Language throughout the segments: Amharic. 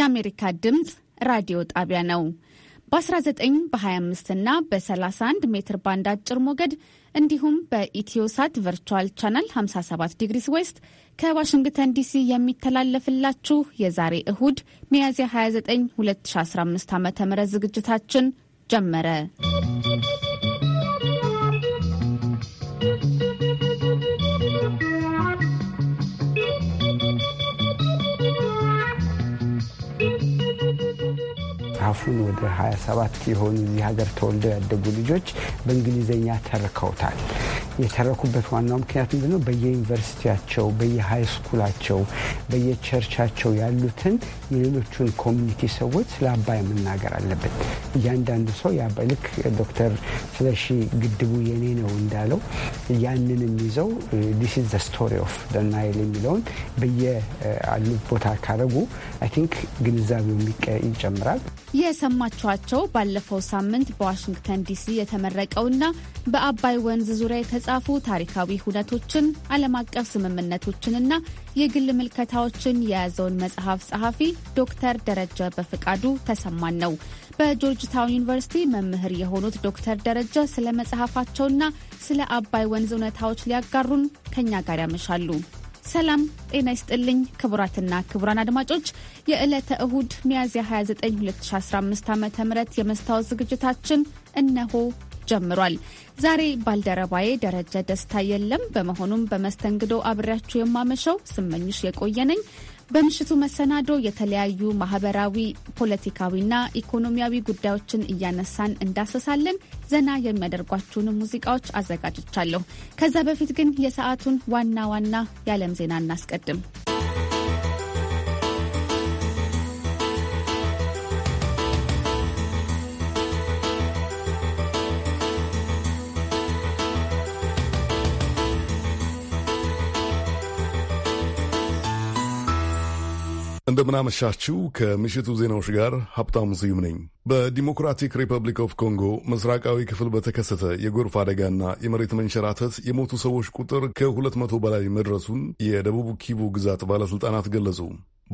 የአሜሪካ ድምፅ ራዲዮ ጣቢያ ነው። በ19 በ25 እና በ31 ሜትር ባንድ አጭር ሞገድ እንዲሁም በኢትዮሳት ቨርቹዋል ቻናል 57 ዲግሪስ ዌስት ከዋሽንግተን ዲሲ የሚተላለፍላችሁ የዛሬ እሁድ ሚያዝያ 29 2015 ዓ ም ዝግጅታችን ጀመረ። መጽሐፉን ወደ 27 የሆኑ እዚህ ሀገር ተወልደው ያደጉ ልጆች በእንግሊዝኛ ተርከውታል። የተረኩበት ዋናው ምክንያት ምንድን ነው? በየዩኒቨርሲቲያቸው፣ በየሃይስኩላቸው፣ በየቸርቻቸው ያሉትን የሌሎቹን ኮሚኒቲ ሰዎች ስለ አባይ መናገር አለበት። እያንዳንዱ ሰው ልክ ዶክተር ስለሺ ግድቡ የኔ ነው እንዳለው ያንን የሚይዘው ዲስ ኢዝ ዘ ስቶሪ ኦፍ ዘ ናይል የሚለውን በየአሉ ቦታ ካረጉ አይ ቲንክ ግንዛቤው ይጨምራል። የሰማችኋቸው ባለፈው ሳምንት በዋሽንግተን ዲሲ የተመረቀውና በአባይ ወንዝ ዙሪያ የተጻፉ ታሪካዊ ሁነቶችን ዓለም አቀፍ ስምምነቶችንና የግል ምልከታዎችን የያዘውን መጽሐፍ ጸሐፊ ዶክተር ደረጀ በፍቃዱ ተሰማን ነው። በጆርጅታውን ዩኒቨርሲቲ መምህር የሆኑት ዶክተር ደረጀ ስለ መጽሐፋቸውና ስለ አባይ ወንዝ እውነታዎች ሊያጋሩን ከኛ ጋር ያመሻሉ። ሰላም ጤና ይስጥልኝ ክቡራትና ክቡራን አድማጮች የዕለተ እሁድ ሚያዝያ 29 2015 ዓ ም የመስታወት ዝግጅታችን እነሆ ጀምሯል። ዛሬ ባልደረባዬ ደረጀ ደስታ የለም። በመሆኑም በመስተንግዶ አብሬያችሁ የማመሸው ስመኝሽ የቆየነኝ በምሽቱ መሰናዶ የተለያዩ ማህበራዊ፣ ፖለቲካዊና ኢኮኖሚያዊ ጉዳዮችን እያነሳን እንዳሰሳለን። ዘና የሚያደርጓችሁን ሙዚቃዎች አዘጋጅቻለሁ። ከዛ በፊት ግን የሰዓቱን ዋና ዋና የዓለም ዜና እናስቀድም። እንደምናመሻችው ከምሽቱ ዜናዎች ጋር ሀብታሙ ስዩም ነኝ። በዲሞክራቲክ ሪፐብሊክ ኦፍ ኮንጎ ምስራቃዊ ክፍል በተከሰተ የጎርፍ አደጋና የመሬት መንሸራተት የሞቱ ሰዎች ቁጥር ከሁለት መቶ በላይ መድረሱን የደቡብ ኪቡ ግዛት ባለሥልጣናት ገለጹ።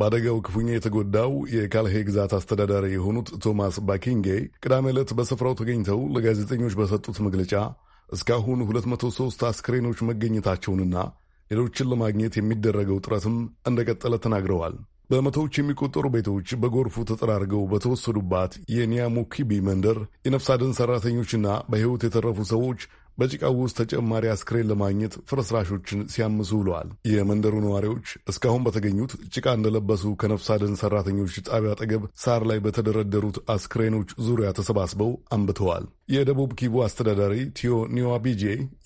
በአደጋው ክፉኛ የተጎዳው የካልሄ ግዛት አስተዳዳሪ የሆኑት ቶማስ ባኪንጌ ቅዳሜ ዕለት በስፍራው ተገኝተው ለጋዜጠኞች በሰጡት መግለጫ እስካሁን 203 አስክሬኖች መገኘታቸውንና ሌሎችን ለማግኘት የሚደረገው ጥረትም እንደቀጠለ ተናግረዋል። በመቶዎች የሚቆጠሩ ቤቶች በጎርፉ ተጠራርገው በተወሰዱባት የኒያሙኪቢ መንደር የነፍስ አድን ሰራተኞችና በሕይወት የተረፉ ሰዎች በጭቃው ውስጥ ተጨማሪ አስክሬን ለማግኘት ፍርስራሾችን ሲያምሱ ውለዋል። የመንደሩ ነዋሪዎች እስካሁን በተገኙት ጭቃ እንደለበሱ ከነፍስ አድን ሰራተኞች ጣቢያ አጠገብ ሳር ላይ በተደረደሩት አስክሬኖች ዙሪያ ተሰባስበው አንብተዋል። የደቡብ ኪቡ አስተዳዳሪ ቲዮ ኒዋቢጄ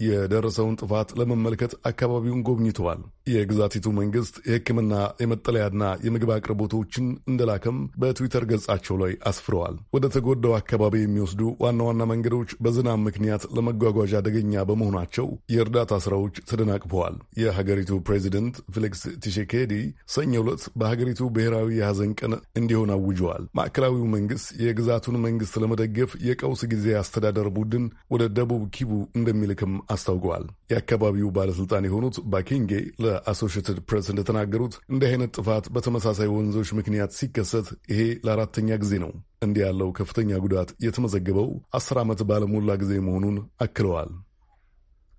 የደረሰውን ጥፋት ለመመልከት አካባቢውን ጎብኝተዋል። የግዛቲቱ መንግስት የሕክምና የመጠለያና የምግብ አቅርቦቶችን እንደላከም በትዊተር ገጻቸው ላይ አስፍረዋል። ወደ ተጎዳው አካባቢ የሚወስዱ ዋና ዋና መንገዶች በዝናብ ምክንያት ለመጓጓዣ አደገኛ በመሆናቸው የእርዳታ ስራዎች ተደናቅፈዋል። የሀገሪቱ ፕሬዚደንት ፌሊክስ ቲሼኬዲ ሰኞ ዕለት በሀገሪቱ ብሔራዊ የሐዘን ቀን እንዲሆን አውጀዋል። ማዕከላዊው መንግስት የግዛቱን መንግስት ለመደገፍ የቀውስ ጊዜ አስተዳደር ቡድን ወደ ደቡብ ኪቡ እንደሚልክም አስታውቀዋል። የአካባቢው ባለሥልጣን የሆኑት ባኪንጌ ለአሶሽትድ ፕሬስ እንደተናገሩት እንዲህ አይነት ጥፋት በተመሳሳይ ወንዞች ምክንያት ሲከሰት ይሄ ለአራተኛ ጊዜ ነው። እንዲህ ያለው ከፍተኛ ጉዳት የተመዘገበው አስር ዓመት ባለሞላ ጊዜ መሆኑን አክለዋል።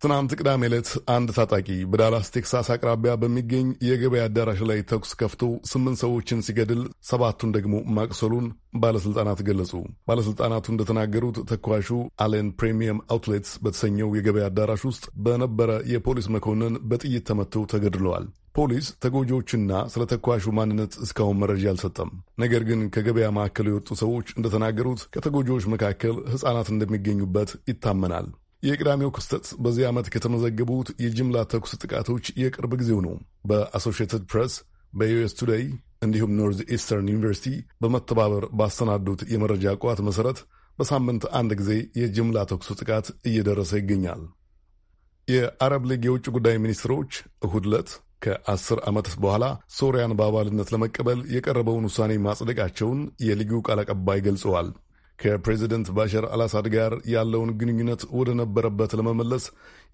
ትናንት ቅዳሜ ዕለት አንድ ታጣቂ በዳላስ ቴክሳስ አቅራቢያ በሚገኝ የገበያ አዳራሽ ላይ ተኩስ ከፍቶ ስምንት ሰዎችን ሲገድል ሰባቱን ደግሞ ማቅሰሉን ባለሥልጣናት ገለጹ። ባለሥልጣናቱ እንደተናገሩት ተኳሹ አሌን ፕሪሚየም አውትሌትስ በተሰኘው የገበያ አዳራሽ ውስጥ በነበረ የፖሊስ መኮንን በጥይት ተመትተው ተገድለዋል። ፖሊስ ተጎጂዎችና ስለ ተኳሹ ማንነት እስካሁን መረጃ አልሰጠም። ነገር ግን ከገበያ ማዕከል የወጡ ሰዎች እንደተናገሩት ከተጎጂዎች መካከል ሕፃናት እንደሚገኙበት ይታመናል። የቅዳሜው ክስተት በዚህ ዓመት ከተመዘገቡት የጅምላ ተኩስ ጥቃቶች የቅርብ ጊዜው ነው። በአሶሺየትድ ፕሬስ፣ በዩኤስ ቱዴይ እንዲሁም ኖርዝ ኢስተርን ዩኒቨርሲቲ በመተባበር ባሰናዱት የመረጃ ቋት መሠረት በሳምንት አንድ ጊዜ የጅምላ ተኩስ ጥቃት እየደረሰ ይገኛል። የአረብ ሊግ የውጭ ጉዳይ ሚኒስትሮች እሁድ ዕለት ከአስር ዓመት በኋላ ሶሪያን በአባልነት ለመቀበል የቀረበውን ውሳኔ ማጽደቃቸውን የሊጉ ቃል አቀባይ ገልጸዋል። ከፕሬዚደንት ባሻር አልአሳድ ጋር ያለውን ግንኙነት ወደ ነበረበት ለመመለስ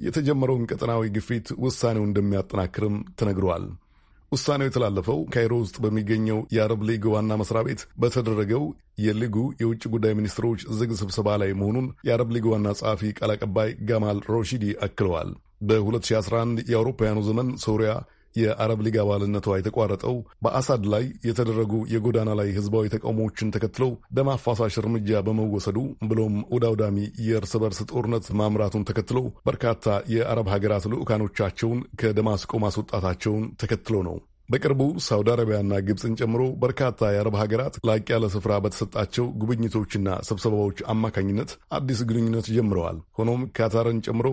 የተጀመረውን ቀጠናዊ ግፊት ውሳኔው እንደሚያጠናክርም ተነግረዋል። ውሳኔው የተላለፈው ካይሮ ውስጥ በሚገኘው የአረብ ሊግ ዋና መስሪያ ቤት በተደረገው የሊጉ የውጭ ጉዳይ ሚኒስትሮች ዝግ ስብሰባ ላይ መሆኑን የአረብ ሊግ ዋና ጸሐፊ ቃል አቀባይ ጋማል ሮሺዲ አክለዋል። በ2011 የአውሮፓውያኑ ዘመን ሶሪያ የአረብ ሊግ አባልነቷ የተቋረጠው በአሳድ ላይ የተደረጉ የጎዳና ላይ ህዝባዊ ተቃውሞዎችን ተከትለው ደም አፋሳሽ እርምጃ በመወሰዱ ብሎም ወዳውዳሚ የእርስ በርስ ጦርነት ማምራቱን ተከትለው በርካታ የአረብ ሀገራት ልዑካኖቻቸውን ከደማስቆ ማስወጣታቸውን ተከትሎ ነው። በቅርቡ ሳውዲ አረቢያና ግብፅን ጨምሮ በርካታ የአረብ ሀገራት ላቅ ያለ ስፍራ በተሰጣቸው ጉብኝቶችና ስብሰባዎች አማካኝነት አዲስ ግንኙነት ጀምረዋል። ሆኖም ካታርን ጨምሮ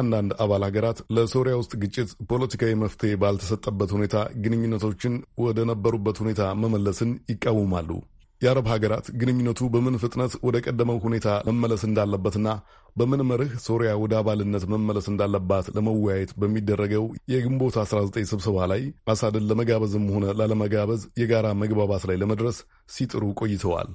አንዳንድ አባል ሀገራት ለሶሪያ ውስጥ ግጭት ፖለቲካዊ መፍትሄ ባልተሰጠበት ሁኔታ ግንኙነቶችን ወደ ነበሩበት ሁኔታ መመለስን ይቃወማሉ። የአረብ ሀገራት ግንኙነቱ በምን ፍጥነት ወደ ቀደመው ሁኔታ መመለስ እንዳለበትና በምን መርህ ሶሪያ ወደ አባልነት መመለስ እንዳለባት ለመወያየት በሚደረገው የግንቦት 19 ስብሰባ ላይ አሳድን ለመጋበዝም ሆነ ላለመጋበዝ የጋራ መግባባት ላይ ለመድረስ ሲጥሩ ቆይተዋል።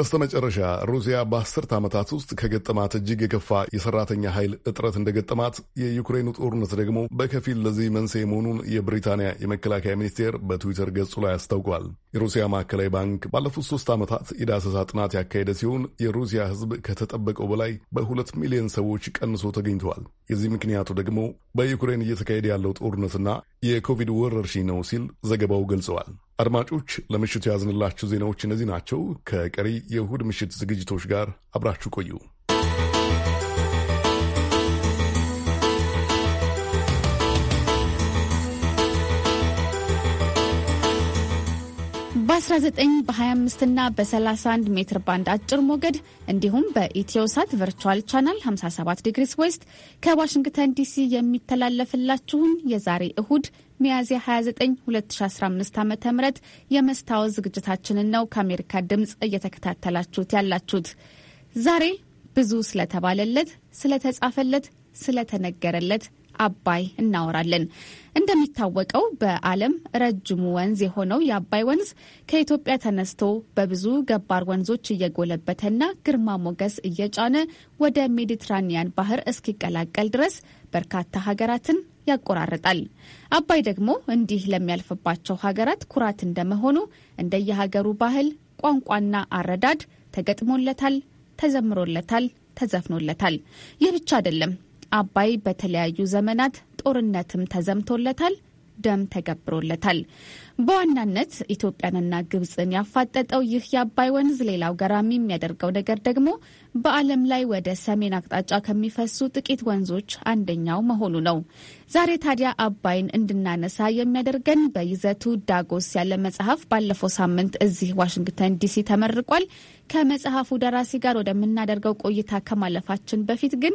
በስተመጨረሻ ሩሲያ በአስርት ዓመታት ውስጥ ከገጠማት እጅግ የከፋ የሰራተኛ ኃይል እጥረት እንደገጠማት፣ የዩክሬኑ ጦርነት ደግሞ በከፊል ለዚህ መንስኤ መሆኑን የብሪታንያ የመከላከያ ሚኒስቴር በትዊተር ገጹ ላይ አስታውቋል። የሩሲያ ማዕከላዊ ባንክ ባለፉት ሶስት ዓመታት የዳሰሳ ጥናት ያካሄደ ሲሆን የሩሲያ ሕዝብ ከተጠበቀው በላይ በሁለት ሚሊዮን ሰዎች ቀንሶ ተገኝተዋል። የዚህ ምክንያቱ ደግሞ በዩክሬን እየተካሄደ ያለው ጦርነትና የኮቪድ ወረርሽኝ ነው ሲል ዘገባው ገልጸዋል። አድማጮች ለምሽቱ ያዝንላችሁ ዜናዎች እነዚህ ናቸው። ከቀሪ የእሁድ ምሽት ዝግጅቶች ጋር አብራችሁ ቆዩ። በ19 በ25 እና በ31 ሜትር ባንድ አጭር ሞገድ እንዲሁም በኢትዮሳት ቨርቹዋል ቻናል 57 ዲግሪስ ዌስት ከዋሽንግተን ዲሲ የሚተላለፍላችሁን የዛሬ እሁድ ሚያዝያ 29 2015 ዓ ም የመስታወት ዝግጅታችንን ነው ከአሜሪካ ድምፅ እየተከታተላችሁት ያላችሁት። ዛሬ ብዙ ስለተባለለት፣ ስለተጻፈለት፣ ስለተነገረለት አባይ እናወራለን። እንደሚታወቀው በዓለም ረጅሙ ወንዝ የሆነው የአባይ ወንዝ ከኢትዮጵያ ተነስቶ በብዙ ገባር ወንዞች እየጎለበተና ግርማ ሞገስ እየጫነ ወደ ሜዲትራኒያን ባህር እስኪቀላቀል ድረስ በርካታ ሀገራትን ያቆራርጣል። አባይ ደግሞ እንዲህ ለሚያልፍባቸው ሀገራት ኩራት እንደመሆኑ እንደየሀገሩ ባህል፣ ቋንቋና አረዳድ ተገጥሞለታል፣ ተዘምሮለታል፣ ተዘፍኖለታል። ይህ ብቻ አይደለም። አባይ በተለያዩ ዘመናት ጦርነትም ተዘምቶለታል፣ ደም ተገብሮለታል። በዋናነት ኢትዮጵያንና ግብፅን ያፋጠጠው ይህ የአባይ ወንዝ ሌላው ገራሚ የሚያደርገው ነገር ደግሞ በዓለም ላይ ወደ ሰሜን አቅጣጫ ከሚፈሱ ጥቂት ወንዞች አንደኛው መሆኑ ነው። ዛሬ ታዲያ አባይን እንድናነሳ የሚያደርገን በይዘቱ ዳጎስ ያለ መጽሐፍ ባለፈው ሳምንት እዚህ ዋሽንግተን ዲሲ ተመርቋል። ከመጽሐፉ ደራሲ ጋር ወደምናደርገው ቆይታ ከማለፋችን በፊት ግን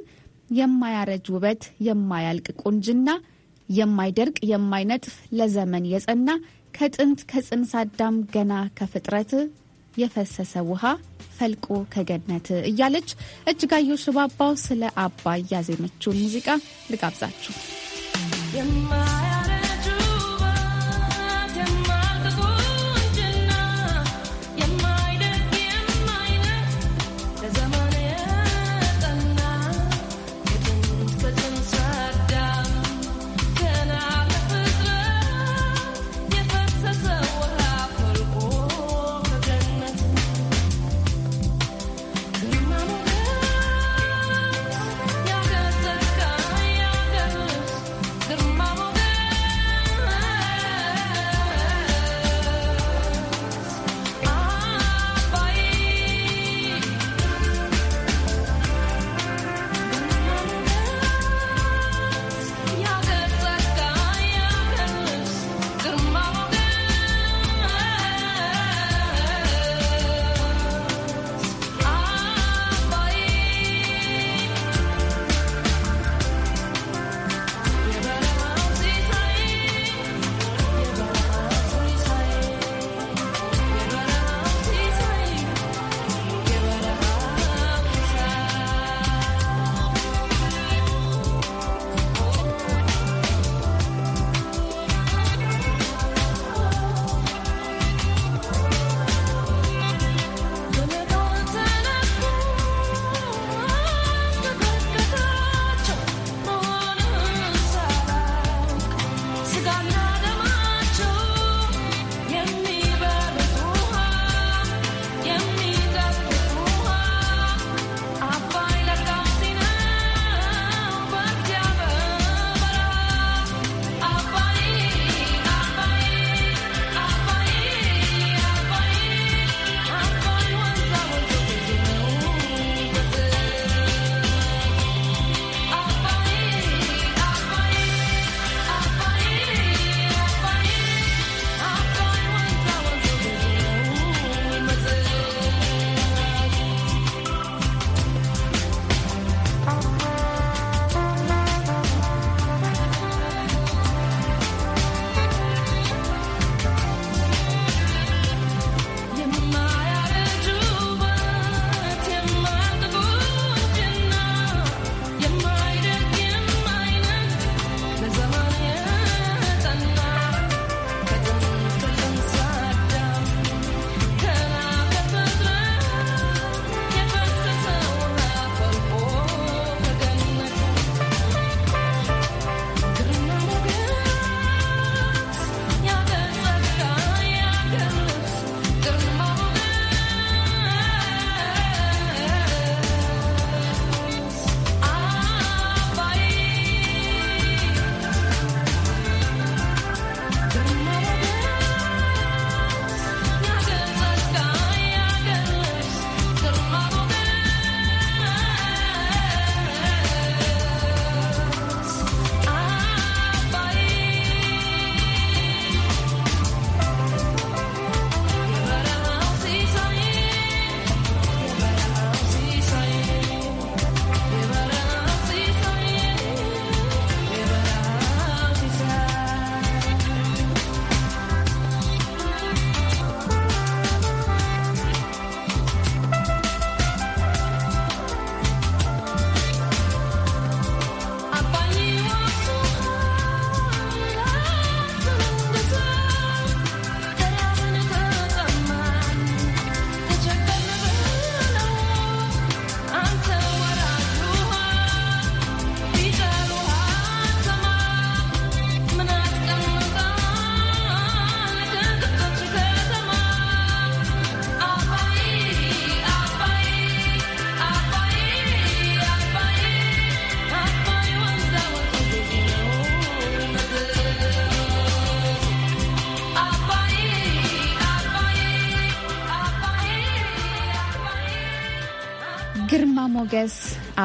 የማያረጅ ውበት፣ የማያልቅ ቁንጅና የማይደርቅ የማይነጥፍ ለዘመን የጸና ከጥንት ከጽንሰ አዳም ገና ከፍጥረት የፈሰሰ ውሃ ፈልቆ ከገነት እያለች እጅጋየሁ ሽባባው ስለ አባይ ያዜመችውን ሙዚቃ ልጋብዛችሁ።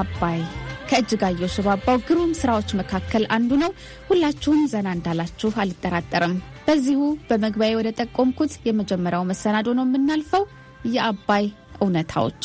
አባይ ከእጅጋየሁ ሽባባው ግሩም ስራዎች መካከል አንዱ ነው። ሁላችሁም ዘና እንዳላችሁ አልጠራጠርም። በዚሁ በመግቢያ ወደ ጠቆምኩት የመጀመሪያው መሰናዶ ነው የምናልፈው፣ የአባይ እውነታዎች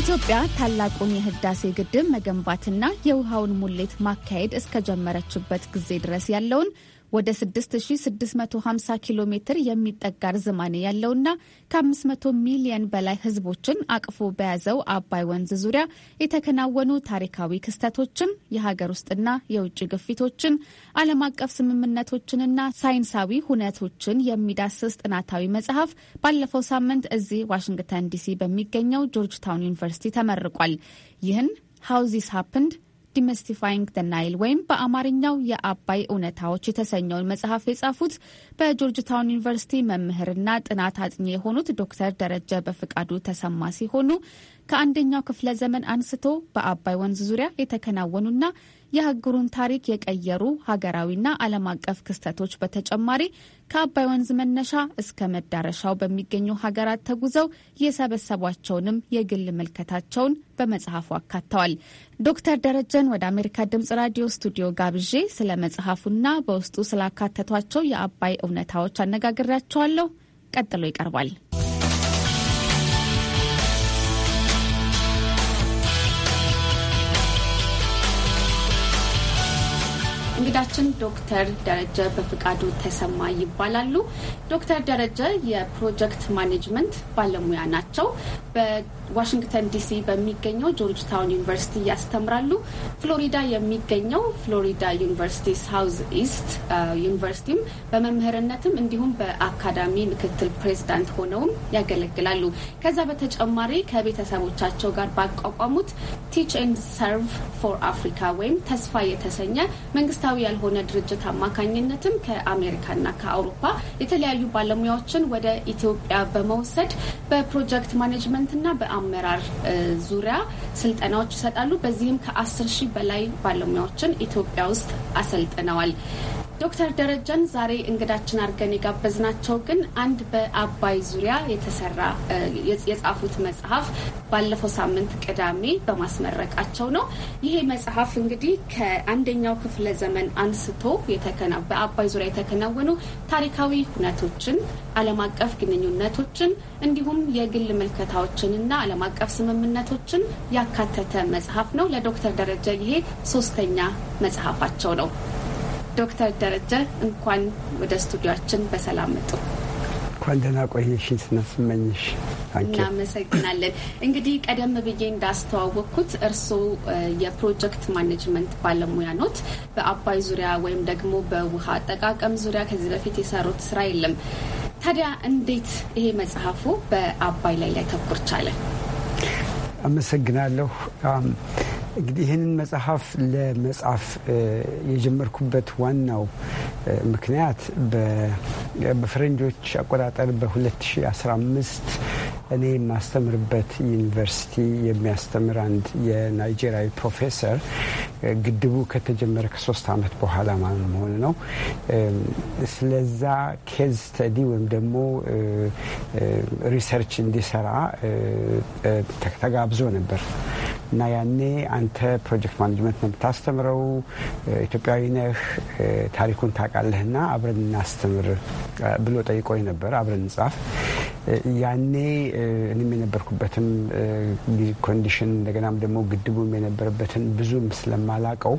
ኢትዮጵያ ታላቁን የህዳሴ ግድብ መገንባትና የውሃውን ሙሌት ማካሄድ እስከጀመረችበት ጊዜ ድረስ ያለውን ወደ 6650 ኪሎ ሜትር የሚጠጋ ርዝማኔ ያለውና ከ500 ሚሊየን በላይ ሕዝቦችን አቅፎ በያዘው አባይ ወንዝ ዙሪያ የተከናወኑ ታሪካዊ ክስተቶችን፣ የሀገር ውስጥና የውጭ ግፊቶችን፣ ዓለም አቀፍ ስምምነቶችንና ሳይንሳዊ ሁነቶችን የሚዳስስ ጥናታዊ መጽሐፍ ባለፈው ሳምንት እዚህ ዋሽንግተን ዲሲ በሚገኘው ጆርጅ ታውን ዩኒቨርሲቲ ተመርቋል። ይህን ሃው ሀፕንድ ዲመስቲፋይንግ ደ ናይል ወይም በአማርኛው የአባይ እውነታዎች የተሰኘውን መጽሐፍ የጻፉት በጆርጅታውን ዩኒቨርሲቲ መምህርና ጥናት አጥኚ የሆኑት ዶክተር ደረጀ በፍቃዱ ተሰማ ሲሆኑ ከአንደኛው ክፍለ ዘመን አንስቶ በአባይ ወንዝ ዙሪያ የተከናወኑና የህግሩን ታሪክ የቀየሩ ሀገራዊና ዓለም አቀፍ ክስተቶች በተጨማሪ ከአባይ ወንዝ መነሻ እስከ መዳረሻው በሚገኙ ሀገራት ተጉዘው የሰበሰቧቸውንም የግል ምልከታቸውን በመጽሐፉ አካተዋል። ዶክተር ደረጀን ወደ አሜሪካ ድምጽ ራዲዮ ስቱዲዮ ጋብዤ ስለ መጽሐፉና በውስጡ ስላካተቷቸው የአባይ እውነታዎች አነጋግሬያቸዋለሁ። ቀጥሎ ይቀርባል። እንግዳችን ዶክተር ደረጀ በፍቃዱ ተሰማ ይባላሉ። ዶክተር ደረጀ የፕሮጀክት ማኔጅመንት ባለሙያ ናቸው። በዋሽንግተን ዲሲ በሚገኘው ጆርጅ ታውን ዩኒቨርሲቲ ያስተምራሉ። ፍሎሪዳ የሚገኘው ፍሎሪዳ ዩኒቨርሲቲ ሳውዝ ኢስት uh, ዩኒቨርሲቲም በመምህርነትም እንዲሁም በአካዳሚ ምክትል ፕሬዚዳንት ሆነውም ያገለግላሉ። ከዛ በተጨማሪ ከቤተሰቦቻቸው ጋር ባቋቋሙት ቲች ኤንድ ሰርቭ ፎር አፍሪካ ወይም ተስፋ የተሰኘ መንግስታዊ መንግስታዊ ያልሆነ ድርጅት አማካኝነትም ከአሜሪካና ከአውሮፓ የተለያዩ ባለሙያዎችን ወደ ኢትዮጵያ በመውሰድ በፕሮጀክት ማኔጅመንትና በአመራር ዙሪያ ስልጠናዎች ይሰጣሉ። በዚህም ከአስር ሺህ በላይ ባለሙያዎችን ኢትዮጵያ ውስጥ አሰልጥነዋል። ዶክተር ደረጃን ዛሬ እንግዳችን አድርገን የጋበዝናቸው ግን አንድ በአባይ ዙሪያ የተሰራ የጻፉት መጽሐፍ ባለፈው ሳምንት ቅዳሜ በማስመረቃቸው ነው። ይሄ መጽሐፍ እንግዲህ ከአንደኛው ክፍለ ዘመን አንስቶ በአባይ ዙሪያ የተከናወኑ ታሪካዊ ሁነቶችን፣ ዓለም አቀፍ ግንኙነቶችን እንዲሁም የግል ምልከታዎችንና ዓለም አቀፍ ስምምነቶችን ያካተተ መጽሐፍ ነው። ለዶክተር ደረጃ ይሄ ሶስተኛ መጽሐፋቸው ነው። ዶክተር ደረጀ እንኳን ወደ ስቱዲዮችን በሰላም መጡ። እንኳን ደህና ቆየሽን ስናስመኝሽ እናመሰግናለን። እንግዲህ ቀደም ብዬ እንዳስተዋወቅኩት እርስዎ የፕሮጀክት ማኔጅመንት ባለሙያ ኖት። በአባይ ዙሪያ ወይም ደግሞ በውሃ አጠቃቀም ዙሪያ ከዚህ በፊት የሰሩት ስራ የለም። ታዲያ እንዴት ይሄ መጽሐፉ በአባይ ላይ ተኩር ቻለ? አመሰግናለሁ። እንግዲህ ይህንን መጽሐፍ ለመጻፍ የጀመርኩበት ዋናው ምክንያት በፈረንጆች አቆጣጠር በ2015 እኔ የማስተምርበት ዩኒቨርሲቲ የሚያስተምር አንድ የናይጄሪያዊ ፕሮፌሰር ግድቡ ከተጀመረ ከሶስት ዓመት በኋላ ማለት መሆኑ ነው። ስለዛ ኬዝ ስተዲ ወይም ደግሞ ሪሰርች እንዲሰራ ተጋብዞ ነበር። እና ያኔ አንተ ፕሮጀክት ማኔጅመንት ነው የምታስተምረው፣ ኢትዮጵያዊ ነህ፣ ታሪኩን ታውቃለህ፣ አብረን እናስተምር ብሎ ጠይቆኝ ነበር። አብረን እንጻፍ። ያኔ እኔም የነበርኩበትም ኮንዲሽን እንደገናም ደግሞ ግድቡም የነበረበትን ብዙም ስለማላቀው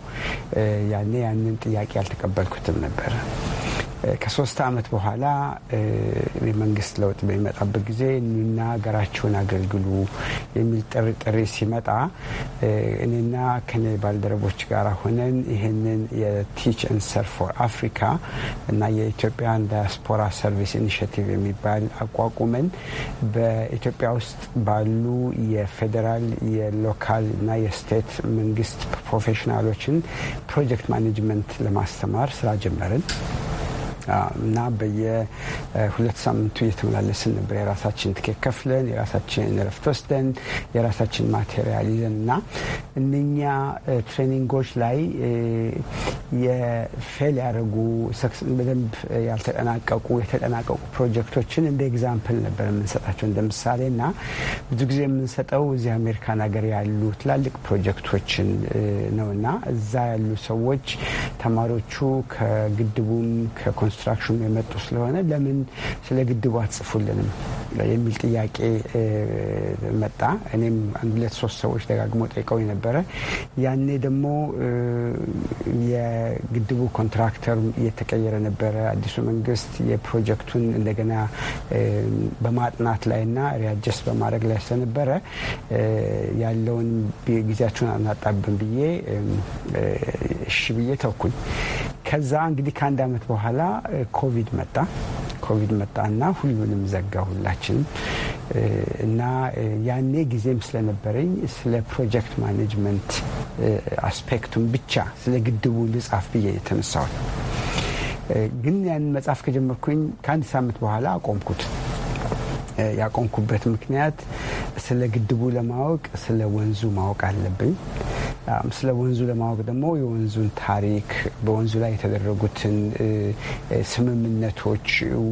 ያኔ ያንን ጥያቄ አልተቀበልኩትም ነበር። ከሶስት ዓመት በኋላ የመንግስት ለውጥ በሚመጣበት ጊዜ እኑና ሀገራችሁን አገልግሉ የሚል ጥሪ ሲመጣ እኔና ከኔ ባልደረቦች ጋር ሆነን ይህንን የቲች ኤን ፎር አፍሪካ እና የኢትዮጵያን ዳያስፖራ ሰርቪስ ኢኒሽቲቭ የሚባል አቋቁመን በኢትዮጵያ ውስጥ ባሉ የፌዴራል የሎካል እና የስቴት መንግስት ፕሮፌሽናሎችን ፕሮጀክት ማኔጅመንት ለማስተማር ስራ ጀመርን። እና በየሁለት ሳምንቱ እየተመላለስን ነበር የራሳችን ትኬት ከፍለን የራሳችን ረፍት ወስደን የራሳችን ማቴሪያል ይዘን እና እነኛ ትሬኒንጎች ላይ የፌል ያደረጉ በደንብ ያልተጠናቀቁ የተጠናቀቁ ፕሮጀክቶችን እንደ ኤግዛምፕል ነበር የምንሰጣቸው እንደ ምሳሌ እና ብዙ ጊዜ የምንሰጠው እዚህ አሜሪካን ሀገር ያሉ ትላልቅ ፕሮጀክቶችን ነው እና እዛ ያሉ ሰዎች ተማሪዎቹ ከግድቡም ኮንስትራክሽኑ የመጡ ስለሆነ ለምን ስለ ግድቡ አትጽፉልንም የሚል ጥያቄ መጣ። እኔም አንድ ሁለት ሶስት ሰዎች ደጋግሞ ጠይቀው የነበረ ያኔ ደግሞ የግድቡ ኮንትራክተር እየተቀየረ ነበረ። አዲሱ መንግስት የፕሮጀክቱን እንደገና በማጥናት ላይና ሪያጀስ በማድረግ ላይ ስለነበረ ያለውን ጊዜያችሁን አናጣብን ብዬ እሺ ብዬ ተውኩኝ። ከዛ እንግዲህ ከአንድ ዓመት በኋላ ኮቪድ መጣ። ኮቪድ እና ሁሉንም ዘጋ ሁላችንም እና ያኔ ጊዜም ስለነበረኝ ስለ ፕሮጀክት ማኔጅመንት አስፔክቱን ብቻ ስለ ግድቡ ልጻፍ ብዬ የተነሳሁት ግን ያን መጽሐፍ ከጀመርኩኝ ከአንድ ሳምንት በኋላ አቆምኩት። ያቆምኩበት ምክንያት ስለ ግድቡ ለማወቅ ስለ ወንዙ ማወቅ አለብኝ። ስለ ወንዙ ለማወቅ ደግሞ የወንዙን ታሪክ በወንዙ ላይ የተደረጉትን ስምምነቶች፣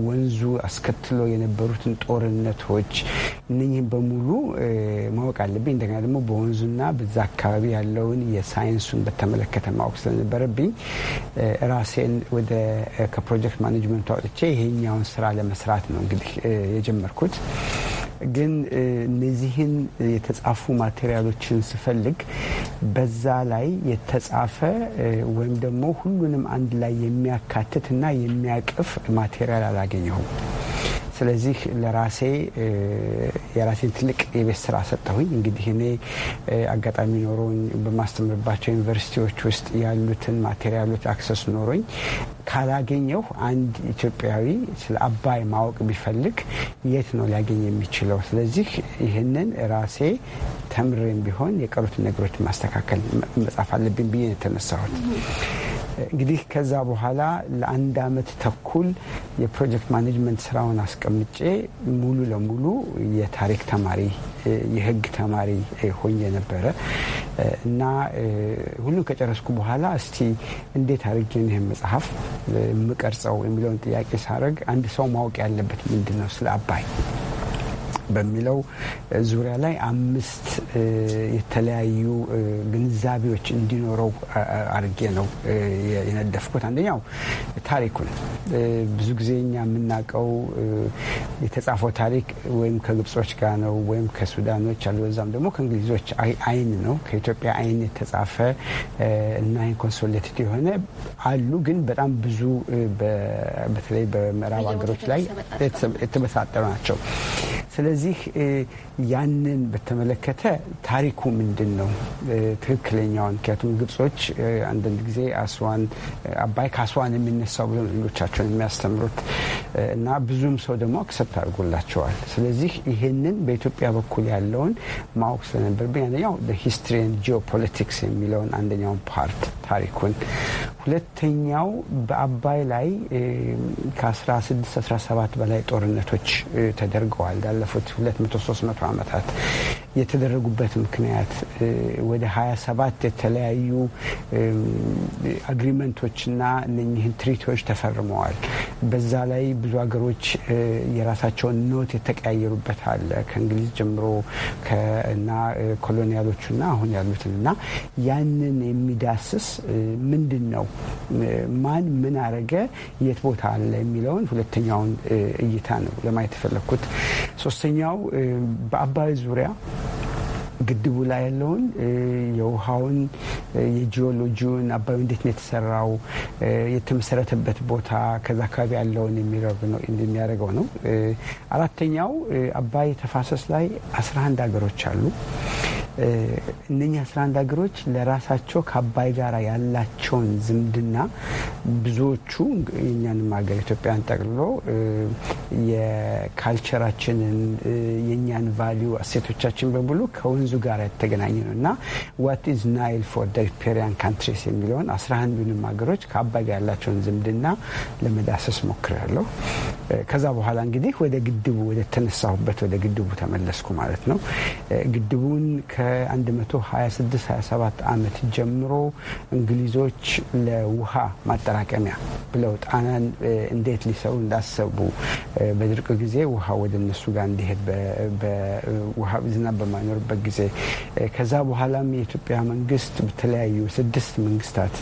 ወንዙ አስከትሎ የነበሩትን ጦርነቶች እነኝህም በሙሉ ማወቅ አለብኝ። እንደገና ደግሞ በወንዙና በዛ አካባቢ ያለውን የሳይንሱን በተመለከተ ማወቅ ስለነበረብኝ ራሴን ወደ ከፕሮጀክት ማኔጅመንቱ አውጥቼ ይሄኛውን ስራ ለመስራት ነው እንግዲህ የጀመርኩት። ግን እነዚህን የተጻፉ ማቴሪያሎችን ስፈልግ በዛ ላይ የተጻፈ ወይም ደግሞ ሁሉንም አንድ ላይ የሚያካትት እና የሚያቅፍ ማቴሪያል አላገኘሁም። ስለዚህ ለራሴ የራሴን ትልቅ የቤት ስራ ሰጠሁኝ። እንግዲህ እኔ አጋጣሚ ኖሮኝ በማስተምርባቸው ዩኒቨርሲቲዎች ውስጥ ያሉትን ማቴሪያሎች አክሰስ ኖሮኝ ካላገኘሁ አንድ ኢትዮጵያዊ ስለ አባይ ማወቅ ቢፈልግ የት ነው ሊያገኝ የሚችለው? ስለዚህ ይህንን ራሴ ተምሬም ቢሆን የቀሩትን ነገሮች ማስተካከል መጻፍ አለብኝ ብዬ የተነሳሁት። እንግዲህ ከዛ በኋላ ለአንድ አመት ተኩል የፕሮጀክት ማኔጅመንት ስራውን አስቀምጬ ሙሉ ለሙሉ የታሪክ ተማሪ የህግ ተማሪ ሆኜ ነበረ እና ሁሉም ከጨረስኩ በኋላ እስቲ እንዴት አድርጌ ይህን መጽሐፍ የምቀርጸው የሚለውን ጥያቄ ሳደርግ አንድ ሰው ማወቅ ያለበት ምንድን ነው ስለ አባይ በሚለው ዙሪያ ላይ አምስት የተለያዩ ግንዛቤዎች እንዲኖረው አድርጌ ነው የነደፍኩት። አንደኛው ታሪኩን ብዙ ጊዜ እኛ የምናውቀው የተጻፈው ታሪክ ወይም ከግብጾች ጋር ነው ወይም ከሱዳኖች አልበዛም ደግሞ ከእንግሊዞች አይን ነው ከኢትዮጵያ አይን የተጻፈ እና ኮንሶሌትድ የሆነ አሉ ግን በጣም ብዙ በተለይ በምዕራብ ሀገሮች ላይ የተበሳጠሩ ናቸው። ስለዚህ ያንን በተመለከተ ታሪኩ ምንድን ነው ትክክለኛውን? ምክንያቱም ግብጾች አንዳንድ ጊዜ አስዋን አባይ ከአስዋን የሚነሳው ብሎ ልጆቻቸውን የሚያስተምሩት እና ብዙም ሰው ደግሞ አክሰፕት አድርጎላቸዋል። ስለዚህ ይህንን በኢትዮጵያ በኩል ያለውን ማወቅ ስለነበርብኝ አንደኛው ሂስትሪን ጂኦፖለቲክስ የሚለውን አንደኛውን ፓርት ታሪኩን፣ ሁለተኛው በአባይ ላይ ከ16 17 በላይ ጦርነቶች ተደርገዋል ላለፉት 23 አስር ዓመታት የተደረጉበት ምክንያት ወደ 27 የተለያዩ አግሪመንቶችና እነኚህን ትሪቲዎች ተፈርመዋል። በዛ ላይ ብዙ ሀገሮች የራሳቸውን ኖት የተቀያየሩበት አለ ከእንግሊዝ ጀምሮ እና ኮሎኒያሎቹና አሁን ያሉትን እና ያንን የሚዳስስ ምንድን ነው ማን ምን አረገ የት ቦታ አለ የሚለውን ሁለተኛውን እይታ ነው ለማየት የፈለግኩት። ሶስተኛው በአባይ ዙሪያ ግድቡ ላይ ያለውን የውሃውን፣ የጂኦሎጂውን አባዩ እንዴት ነው የተሰራው፣ የተመሰረተበት ቦታ ከዛ አካባቢ ያለውን የሚያደርገው ነው። አራተኛው አባይ ተፋሰስ ላይ 11 ሀገሮች አሉ። እነኚህ 11 ሀገሮች ለራሳቸው ከአባይ ጋር ያላቸውን ዝምድና ብዙዎቹ የእኛንም ሀገር ኢትዮጵያን ጠቅልሎ የካልቸራችንን የእኛን ቫሊዩ እሴቶቻችን በሙሉ ከወን ከወንዙ ጋር የተገናኘ ነው እና ዋት ኢዝ ናይል ፎር ደ ሪፔሪያን ካንትሪስ የሚለውን አስራ አንዱንም ሀገሮች ከአባይ ጋር ያላቸውን ዝምድና ለመዳሰስ ሞክሬያለሁ። ከዛ በኋላ እንግዲህ ወደ ግድቡ ወደ ተነሳሁበት ወደ ግድቡ ተመለስኩ ማለት ነው። ግድቡን ከ126 27 ዓመት ጀምሮ እንግሊዞች ለውሃ ማጠራቀሚያ ብለው ጣናን እንዴት ሊሰሩ እንዳሰቡ በድርቅ ጊዜ ውሃ ወደ እነሱ ጋር እንዲሄድ ዝናብ በማይኖርበት ጊዜ ከዛ በኋላም የኢትዮጵያ መንግስት በተለያዩ ስድስት መንግስታት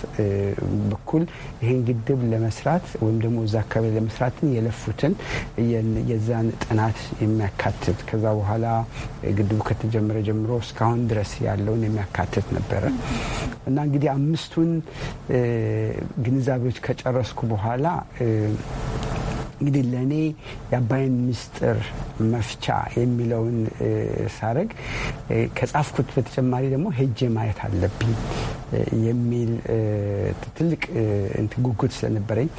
በኩል ይህን ግድብ ለመስራት ወይም ደግሞ እዛ አካባቢ ለመስራትን የለፉትን የዛን ጥናት የሚያካትት ከዛ በኋላ ግድቡ ከተጀመረ ጀምሮ እስካሁን ድረስ ያለውን የሚያካትት ነበረ እና እንግዲህ አምስቱን ግንዛቤዎች ከጨረስኩ በኋላ እንግዲህ ለእኔ የአባይን ምስጢር መፍቻ የሚለውን ሳረግ ከጻፍኩት በተጨማሪ ደግሞ ሄጄ ማየት አለብኝ የሚል ትልቅ ጉጉት ስለነበረኝ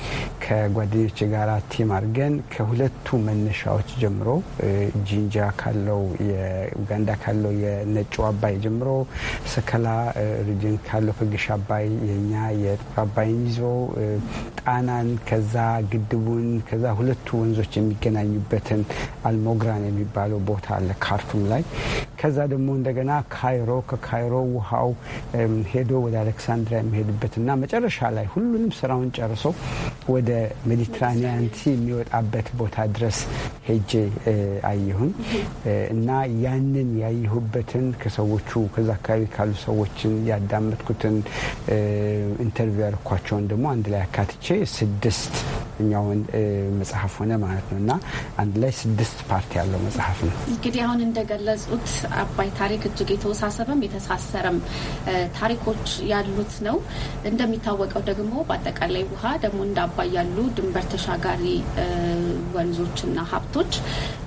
ከጓደኞች ጋር ቲም አድርገን ከሁለቱ መነሻዎች ጀምሮ ጂንጃ ካለው የኡጋንዳ ካለው የነጩ አባይ ጀምሮ ሰከላ ሪጅን ካለው ከግሽ አባይ የኛ የጥቁር አባይን ይዞ ጣናን ከዛ ግድቡን ከዛ ሁለቱ ወንዞች የሚገናኙበትን አልሞግራን የሚባለው ቦታ አለ ካርቱም ላይ። ከዛ ደግሞ እንደገና ካይሮ፣ ከካይሮ ውሃው ሄዶ ወደ አሌክሳንድሪያ የሚሄድበት እና መጨረሻ ላይ ሁሉንም ስራውን ጨርሶ ወደ ሜዲትራኒያን ሲ የሚወጣበት ቦታ ድረስ ሄጄ አየሁኝ እና ያንን ያየሁበትን ከሰዎቹ ከዛ አካባቢ ካሉ ሰዎችን ያዳመጥኩትን ኢንተርቪው ያልኳቸውን ደግሞ አንድ ላይ አካትቼ ስድስት እኛውን መጽሐፍ ሆነ ማለት ነው እና አንድ ላይ ስድስት ፓርቲ ያለው መጽሐፍ ነው። እንግዲህ አሁን እንደገለጹት አባይ ታሪክ እጅግ የተወሳሰበም የተሳሰረም ታሪኮች ያሉት ነው። እንደሚታወቀው ደግሞ በአጠቃላይ ውሃ ደግሞ እንደ አባይ ያሉ ድንበር ተሻጋሪ ወንዞችና ሀብቶች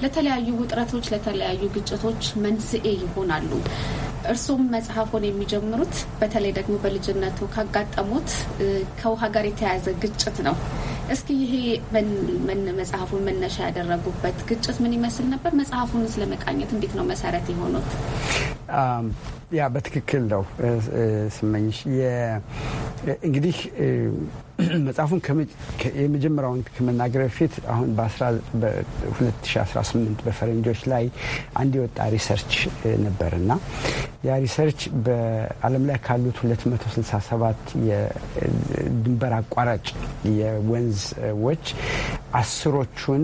ለተለያዩ ውጥረቶች፣ ለተለያዩ ግጭቶች መንስኤ ይሆናሉ። እርሱም መጽሐፉን የሚጀምሩት በተለይ ደግሞ በልጅነቱ ካጋጠሙት ከውሃ ጋር የተያያዘ ግጭት ነው። እስኪ ይሄ መጽሐፉን መነሻ ያደረጉበት ግጭት ምን ይመስል ነበር? መጽሐፉን ስለመቃኘት እንዴት ነው መሰረት የሆኑት? ያ በትክክል ነው ስመኝሽ። እንግዲህ መጽሐፉን የመጀመሪያውን ከመናገር በፊት አሁን በ2018 በፈረንጆች ላይ አንድ የወጣ ሪሰርች ነበር እና ያ ሪሰርች በዓለም ላይ ካሉት 267 የድንበር አቋራጭ የወንዞች አስሮቹን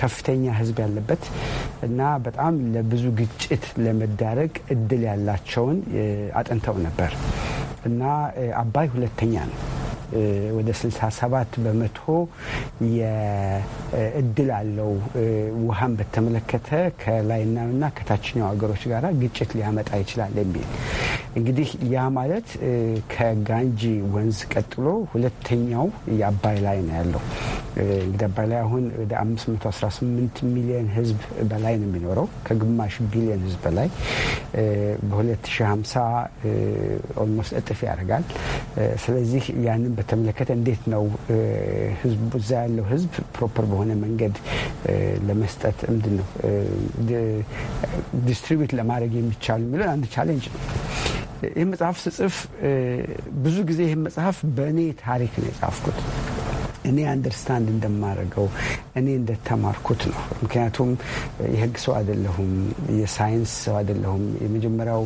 ከፍተኛ ሕዝብ ያለበት እና በጣም ለብዙ ግጭት ለመዳረግ እድል ያላቸውን አጥንተው ነበር እና አባይ ሁለተኛ ነው። ወደ 67 በመቶ እድል አለው ውሃን በተመለከተ ከላይናና ከታችኛው ሀገሮች ጋር ግጭት ሊያመጣ ይችላል የሚል እንግዲህ ያ ማለት ከጋንጂ ወንዝ ቀጥሎ ሁለተኛው የአባይ ላይ ነው ያለው። እንግዲህ አባይ ላይ አሁን ወደ 518 ሚሊዮን ህዝብ በላይ ነው የሚኖረው ከግማሽ ቢሊዮን ህዝብ በላይ በ2050 ኦልሞስት እጥፍ ያደርጋል። ስለዚህ ያንን በተመለከተ እንዴት ነው ህዝቡ እዛ ያለው ህዝብ ፕሮፐር በሆነ መንገድ ለመስጠት ምንድን ነው ዲስትሪቢዩት ለማድረግ የሚቻል የሚለን አንድ ቻሌንጅ ነው። ይህ መጽሐፍ ስጽፍ ብዙ ጊዜ ይህ መጽሐፍ በእኔ ታሪክ ነው የጻፍኩት እኔ አንደርስታንድ እንደማደርገው እኔ እንደተማርኩት ነው። ምክንያቱም የህግ ሰው አይደለሁም፣ የሳይንስ ሰው አይደለሁም። የመጀመሪያው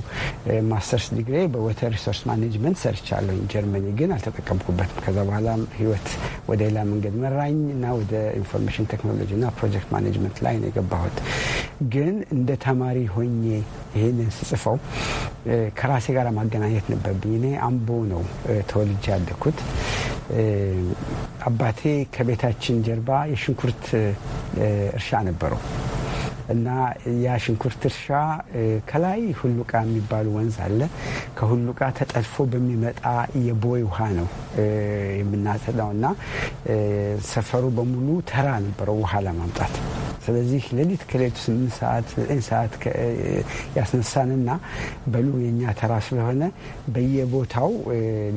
ማስተርስ ዲግሪ በወተር ሪሶርስ ማኔጅመንት ሰርቻለሁ ጀርመኒ፣ ግን አልተጠቀምኩበትም። ከዛ በኋላ ህይወት ወደ ሌላ መንገድ መራኝ እና ወደ ኢንፎርሜሽን ቴክኖሎጂ እና ፕሮጀክት ማኔጅመንት ላይ ነው የገባሁት። ግን እንደ ተማሪ ሆኜ ይህንን ስጽፈው ከራሴ ጋር ማገናኘት ነበርብኝ። እኔ አምቦ ነው ተወልጄ ያደኩት። አባቴ ከቤታችን ጀርባ የሽንኩርት እርሻ ነበረው። እና ያ ሽንኩርት እርሻ ከላይ ሁሉቃ የሚባሉ ወንዝ አለ። ከሁሉቃ ተጠልፎ በሚመጣ የቦይ ውሃ ነው የምናጸዳው እና ሰፈሩ በሙሉ ተራ ነበረው ውሃ ለማምጣት። ስለዚህ ሌሊት ከሌቱ ስምንት ሰዓት ዘጠኝ ሰዓት ያስነሳንና በሉ የኛ ተራ ስለሆነ በየቦታው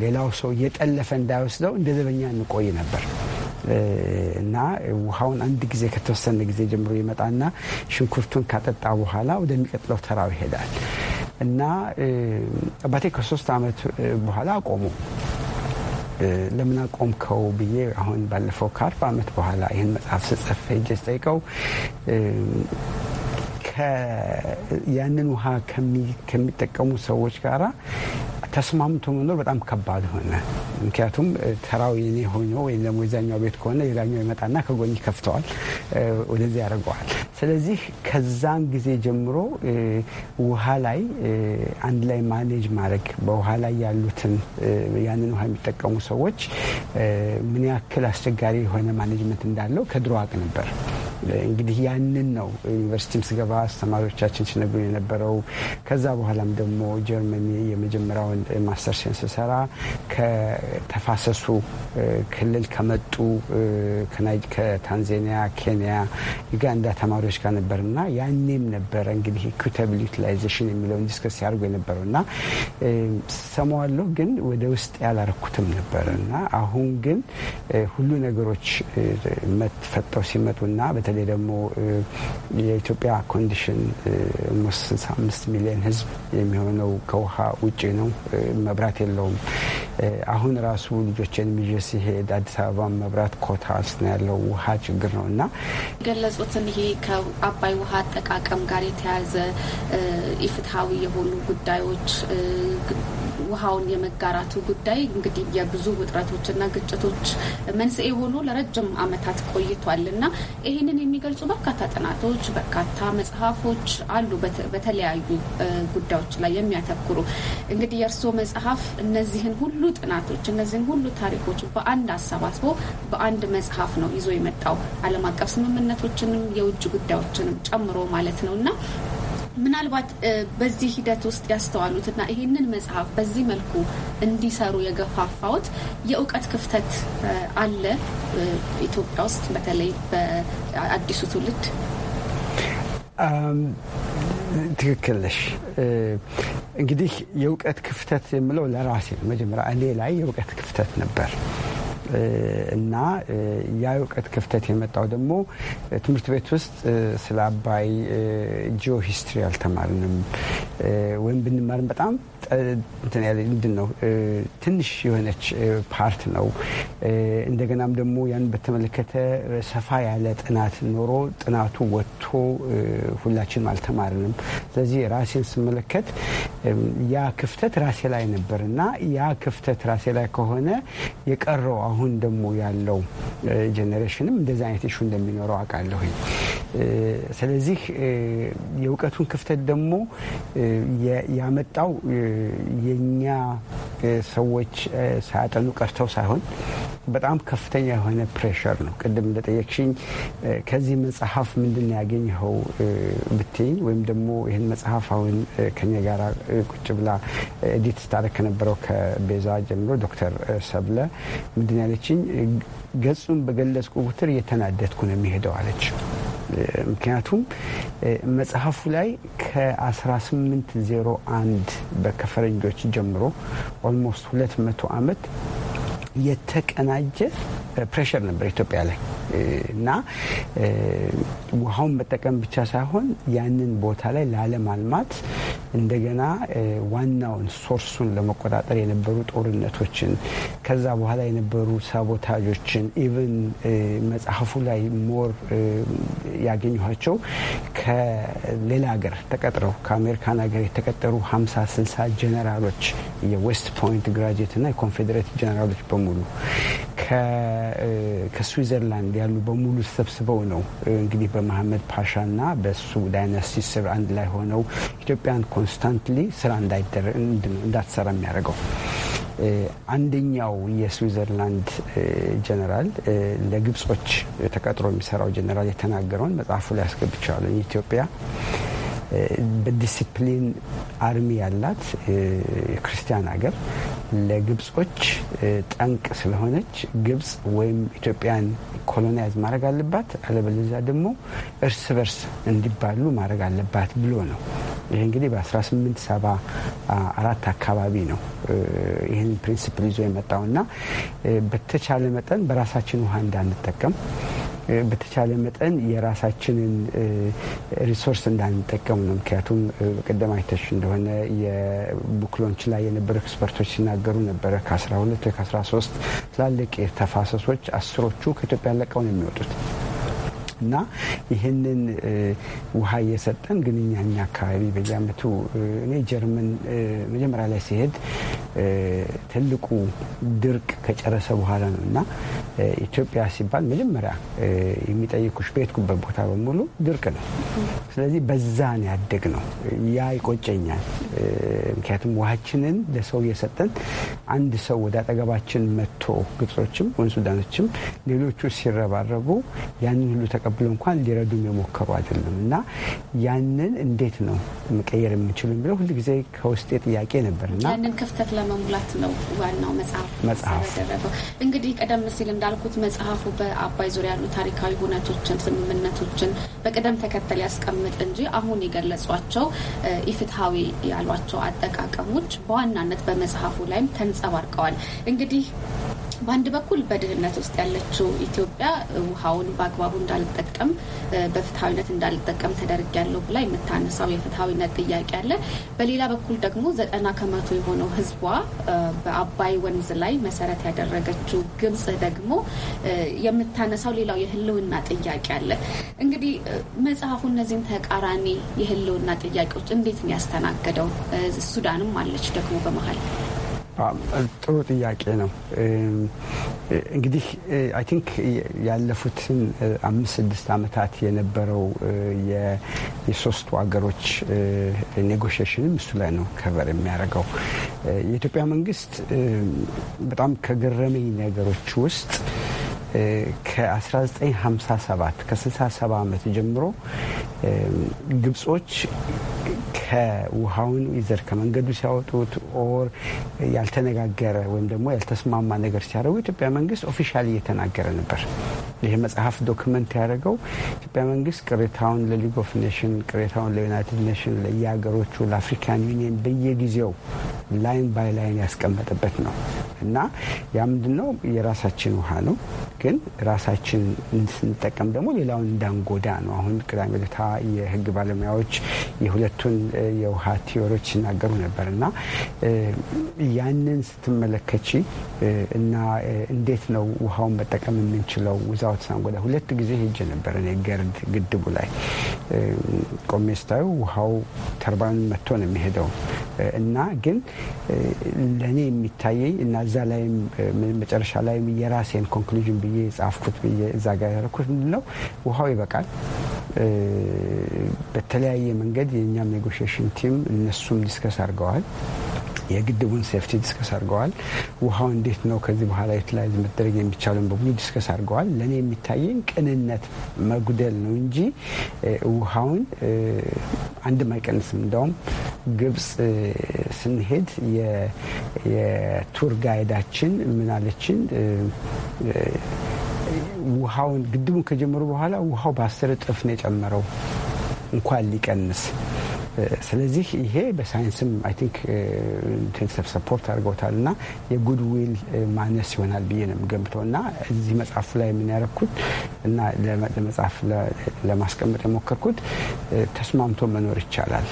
ሌላው ሰው እየጠለፈ እንዳይወስደው እንደ ዘበኛ እንቆይ ነበር። እና ውሃውን አንድ ጊዜ ከተወሰነ ጊዜ ጀምሮ ይመጣና ሽንኩርቱን ካጠጣ በኋላ ወደሚቀጥለው ተራው ይሄዳል እና አባቴ ከሶስት ዓመት በኋላ አቆሙ። ለምን አቆምከው ብዬ አሁን ባለፈው ከአርባ ዓመት በኋላ ይህን መጽሐፍ ስጽፍ ሄጄ ስጠይቀው ያንን ውሃ ከሚጠቀሙ ሰዎች ጋራ ተስማምቶ መኖር በጣም ከባድ ሆነ። ምክንያቱም ተራው የኔ ሆኞ ወይም ደግሞ የዛኛው ቤት ከሆነ ሌላኛው ይመጣና ከጎኝ ከፍተዋል፣ ወደዚያ ያደርገዋል። ስለዚህ ከዛን ጊዜ ጀምሮ ውሃ ላይ አንድ ላይ ማኔጅ ማድረግ በውሃ ላይ ያሉትን ያንን ውሃ የሚጠቀሙ ሰዎች ምን ያክል አስቸጋሪ የሆነ ማኔጅመንት እንዳለው ከድሮ አቅ ነበር። እንግዲህ ያንን ነው ዩኒቨርሲቲም ስገባ አስተማሪዎቻችን ሲነግሩን የነበረው። ከዛ በኋላም ደግሞ ጀርመኒ የመጀመሪያውን ማስተር ሴንስ ስሰራ ከተፋሰሱ ክልል ከመጡ ከታንዛኒያ፣ ኬንያ፣ ዩጋንዳ ተማሪዎች ጋር ነበር እና ያኔም ነበረ እንግዲህ ኢኩቴብል ዩቲላይዜሽን የሚለውን ዲስከስ ያደርጉ የነበረው እና ሰማዋለሁ ግን ወደ ውስጥ ያላረኩትም ነበር እና አሁን ግን ሁሉ ነገሮች መፈጠው ሲመጡና በተለይ ደግሞ የኢትዮጵያ ኮንዲሽን ስልሳ አምስት ሚሊዮን ህዝብ የሚሆነው ከውሃ ውጭ ነው። መብራት የለውም። አሁን ራሱ ልጆችን ይዤ ሲሄድ አዲስ አበባ መብራት ኮታ ነው ያለው። ውሃ ችግር ነው እና የገለጹትን ይሄ ከአባይ ውሃ አጠቃቀም ጋር የተያያዘ ኢፍትሐዊ የሆኑ ጉዳዮች ውሃውን የመጋራቱ ጉዳይ እንግዲህ የብዙ ውጥረቶችና ግጭቶች መንስኤ ሆኖ ለረጅም ዓመታት ቆይቷል እና ይህንን የሚገልጹ በርካታ ጥናቶች፣ በርካታ መጽሐፎች አሉ በተለያዩ ጉዳዮች ላይ የሚያተኩሩ እንግዲህ የእርስዎ መጽሐፍ እነዚህን ሁሉ ጥናቶች እነዚህን ሁሉ ታሪኮች በአንድ አሰባስቦ በአንድ መጽሐፍ ነው ይዞ የመጣው ዓለም አቀፍ ስምምነቶችንም የውጭ ጉዳዮችንም ጨምሮ ማለት ነው እና ምናልባት በዚህ ሂደት ውስጥ ያስተዋሉትና ይህንን መጽሐፍ በዚህ መልኩ እንዲሰሩ የገፋፋውት የእውቀት ክፍተት አለ ኢትዮጵያ ውስጥ በተለይ በአዲሱ ትውልድ? ትክክል ነሽ። እንግዲህ የእውቀት ክፍተት የምለው ለራሴ መጀመሪያ እኔ ላይ የእውቀት ክፍተት ነበር። እና ያ እውቀት ክፍተት የመጣው ደግሞ ትምህርት ቤት ውስጥ ስለ አባይ ጂኦ ሂስትሪ አልተማርንም ወይም ብንማርን በጣም ምንድን ነው ትንሽ የሆነች ፓርት ነው። እንደገናም ደግሞ ያን በተመለከተ ሰፋ ያለ ጥናት ኖሮ ጥናቱ ወጥቶ ሁላችንም አልተማርንም። ስለዚህ ራሴን ስመለከት ያ ክፍተት ራሴ ላይ ነበር እና ያ ክፍተት ራሴ ላይ ከሆነ የቀረው አሁን ደግሞ ያለው ጄኔሬሽንም እንደዚ አይነት እሹ እንደሚኖረው አውቃለሁኝ። ስለዚህ የእውቀቱን ክፍተት ደግሞ ያመጣው የእኛ ሰዎች ሳያጠኑ ቀርተው ሳይሆን በጣም ከፍተኛ የሆነ ፕሬሸር ነው። ቅድም እንደጠየቅሽኝ ከዚህ መጽሐፍ ምንድን ያገኘኸው ብትይኝ ወይም ደግሞ ይህን መጽሐፍ አሁን ከኛ ጋር ቁጭ ብላ ኤዲት ስታደርግ ከነበረው ከቤዛ ጀምሮ ዶክተር ሰብለ ምንድን ያለችኝ ገጹን በገለጽኩ ቁጥር እየተናደድኩ ነው የሚሄደው አለች። ምክንያቱም መጽሐፉ ላይ ከ1801 በከፈረንጆች ጀምሮ ኦልሞስት 200 ዓመት የተቀናጀ ፕሬሽር ነበር ኢትዮጵያ ላይ እና ውሃውን መጠቀም ብቻ ሳይሆን ያንን ቦታ ላይ ላለማልማት እንደገና ዋናውን ሶርሱን ለመቆጣጠር የነበሩ ጦርነቶችን ከዛ በኋላ የነበሩ ሳቦታጆች ፊክሽን ኢቨን መጽሐፉ ላይ ሞር ያገኘኋቸው ከሌላ ሀገር ተቀጥረው ከአሜሪካን ሀገር የተቀጠሩ 50 60 ጀነራሎች የዌስት ፖይንት ግራጅዌት እና የኮንፌዴሬት ጀነራሎች በሙሉ ከስዊዘርላንድ ያሉ በሙሉ ተሰብስበው ነው እንግዲህ በመሐመድ ፓሻ እና በሱ ዳይናስቲ ስር አንድ ላይ ሆነው ኢትዮጵያን ኮንስታንትሊ ስራ እንዳይደረግ እንዳትሰራ የሚያደርገው አንደኛው የስዊዘርላንድ ጀነራል ለግብጾች ተቀጥሮ የሚሰራው ጀነራል የተናገረውን መጽሐፉ ላይ አስገብቸዋለሁ። ኢትዮጵያ በዲሲፕሊን አርሚ ያላት ክርስቲያን ሀገር ለግብጾች ጠንቅ ስለሆነች ግብጽ ወይም ኢትዮጵያን ኮሎናይዝ ማድረግ አለባት፣ አለበለዚያ ደግሞ እርስ በርስ እንዲባሉ ማድረግ አለባት ብሎ ነው ይህ እንግዲህ በ1874 አካባቢ ነው ይህን ፕሪንስፕል ይዞ የመጣው እና በተቻለ መጠን በራሳችን ውሃ እንዳንጠቀም በተቻለ መጠን የራሳችንን ሪሶርስ እንዳንጠቀሙ ነው። ምክንያቱም በቀደም አይተሽ እንደሆነ የቡክሎንች ላይ የነበሩ ኤክስፐርቶች ሲናገሩ ነበረ ከ12 ከ13 ትላልቅ ተፋሰሶች አስሮቹ ከኢትዮጵያ ለቀው ነው የሚወጡት። እና ይህንን ውሃ እየሰጠን ግን እኛ እኛ አካባቢ በየአመቱ እኔ ጀርመን መጀመሪያ ላይ ሲሄድ ትልቁ ድርቅ ከጨረሰ በኋላ ነው እና ኢትዮጵያ ሲባል መጀመሪያ የሚጠይቁሽ በሄድኩበት ቦታ በሙሉ ድርቅ ነው። ስለዚህ በዛን ያደግ ነው። ያ ይቆጨኛል። ምክንያቱም ውሃችንን ለሰው እየሰጠን አንድ ሰው ወደ አጠገባችን መጥቶ ግብጾችም ወንሱዳኖችም ሌሎቹ ሲረባረቡ ያንን ሁሉ ተቀ ተቀብሎ እንኳን ሊረዱም የሞከሩ አይደለም እና ያንን እንዴት ነው መቀየር የምችሉ የሚለው ጊዜ ከውስጤ ጥያቄ ነበር እና ያንን ክፍተት ለመሙላት ነው ዋናው መጽሐፍ መጽሐፍ እንግዲህ ቀደም ሲል እንዳልኩት መጽሐፉ በአባይ ዙሪያ ያሉ ታሪካዊ ሁነቶችን፣ ስምምነቶችን በቅደም ተከተል ያስቀምጥ እንጂ አሁን የገለጿቸው ኢፍትሐዊ ያሏቸው አጠቃቀሞች በዋናነት በመጽሐፉ ላይም ተንጸባርቀዋል። እንግዲህ በአንድ በኩል በድህነት ውስጥ ያለችው ኢትዮጵያ ውሃውን በአግባቡ እንዳልጠቀም በፍትሐዊነት እንዳልጠቀም ተደርግ ያለው ብላ የምታነሳው የፍትሐዊነት ጥያቄ አለ። በሌላ በኩል ደግሞ ዘጠና ከመቶ የሆነው ህዝቧ በአባይ ወንዝ ላይ መሰረት ያደረገችው ግብጽ ደግሞ የምታነሳው ሌላው የህልውና ጥያቄ አለ። እንግዲህ መጽሐፉ እነዚህን ተቃራኒ የህልውና ጥያቄዎች እንዴት ነው ያስተናገደው? ሱዳንም አለች ደግሞ በመሀል ጥሩ ጥያቄ ነው። እንግዲህ አይ ቲንክ ያለፉትን አምስት ስድስት ዓመታት የነበረው የሶስቱ ሀገሮች ኔጎሽሽንም እሱ ላይ ነው ከቨር የሚያደርገው። የኢትዮጵያ መንግስት በጣም ከገረመኝ ነገሮች ውስጥ ከ1957 ከ67 ዓመት ጀምሮ ግብጾች ከውሃውን ይዘር ከመንገዱ ሲያወጡት ኦር ያልተነጋገረ ወይም ደግሞ ያልተስማማ ነገር ሲያደርጉ ኢትዮጵያ መንግስት ኦፊሻል እየተናገረ ነበር። ይህ መጽሐፍ ዶክመንት ያደረገው ኢትዮጵያ መንግስት ቅሬታውን ለሊግ ኦፍ ኔሽን፣ ቅሬታውን ለዩናይትድ ኔሽን፣ ለየሀገሮቹ፣ ለአፍሪካን ዩኒየን በየጊዜው ላይን ባይ ላይን ያስቀመጠበት ነው እና ያ ምንድነው ነው የራሳችን ውሃ ነው፣ ግን ራሳችን ስንጠቀም ደግሞ ሌላውን እንዳንጎዳ ነው። አሁን ቅዳሜ ዕለት የህግ ባለሙያዎች የሁለቱን የውሃ ቲዎሮች ሲናገሩ ነበር እና ያንን ስትመለከች እና እንዴት ነው ውሃውን መጠቀም የምንችለው ውዛውት ሳንጎዳ ሁለት ጊዜ ሄጄ ነበር እኔ ገርድ ግድቡ ላይ ቆሜ ስታዩ ውሃው ተርባን መጥቶ ነው የሚሄደው እና ግን ለእኔ የሚታየኝ እና እዛ ላይም መጨረሻ ላይም የራሴን ኮንክሉዥን ብዬ የጻፍኩት ብዬ እዛ ጋር ያደረኩት ምንድነው ውሃው ይበቃል በተለያየ መንገድ የእኛም የኔጎሽሽን ቲም እነሱም ዲስከስ አድርገዋል። የግድቡን ሴፍቲ ዲስከስ አድርገዋል። ውሃው እንዴት ነው ከዚህ በኋላ ዩቲላይዝ መደረግ የሚቻለን በሙሉ ዲስከስ አድርገዋል። ለእኔ የሚታየኝ ቅንነት መጉደል ነው እንጂ ውሃውን አንድም አይቀንስም። እንደውም ግብጽ ስንሄድ የቱር ጋይዳችን ምናለችን ውሃውን ግድቡን ከጀመሩ በኋላ ውሃው በአስር እጥፍ ነው የጨመረው እንኳን ሊቀንስ ስለዚህ ይሄ በሳይንስም አይ ቲንክ ሰፖርት አድርገውታል እና የጉድዊል ማነስ ይሆናል ብዬ ነው የምገምተው እና እዚህ መጽሐፉ ላይ ምን ያረኩት እና ለመጽሐፍ ለማስቀመጥ የሞከርኩት ተስማምቶ መኖር ይቻላል።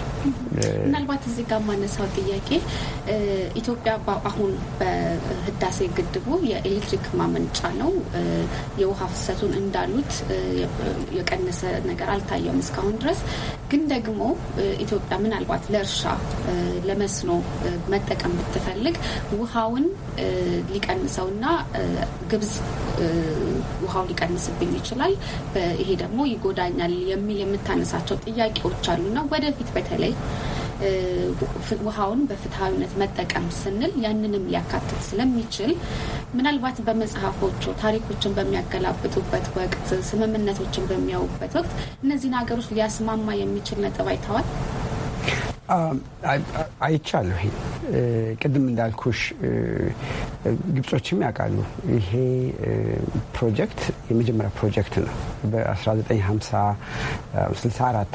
ምናልባት እዚህ ጋር ማነሳው ጥያቄ ኢትዮጵያ አሁን በህዳሴ ግድቡ የኤሌክትሪክ ማመንጫ ነው የውሃ ፍሰቱን እንዳሉት የቀነሰ ነገር አልታየም እስካሁን ድረስ ግን ደግሞ ኢትዮጵያ ምናልባት ለእርሻ ለመስኖ መጠቀም ብትፈልግ ውሃውን ሊቀንሰው እና ግብጽ ውሃው ሊቀንስብኝ ይችላል፣ ይሄ ደግሞ ይጎዳኛል የሚል የምታነሳቸው ጥያቄዎች አሉና ወደፊት በተለይ ውሃውን በፍትሐዊነት መጠቀም ስንል ያንንም ሊያካትት ስለሚችል ምናልባት በመጽሐፎቹ ታሪኮችን በሚያገላብጡበት ወቅት ስምምነቶችን በሚያውበት ወቅት እነዚህን ሀገሮች ሊያስማማ የሚችል ነጥብ አይተዋል። አይቻለሁ። ቅድም እንዳልኩሽ ግብጾችም ያውቃሉ። ይሄ ፕሮጀክት የመጀመሪያ ፕሮጀክት ነው። በ1954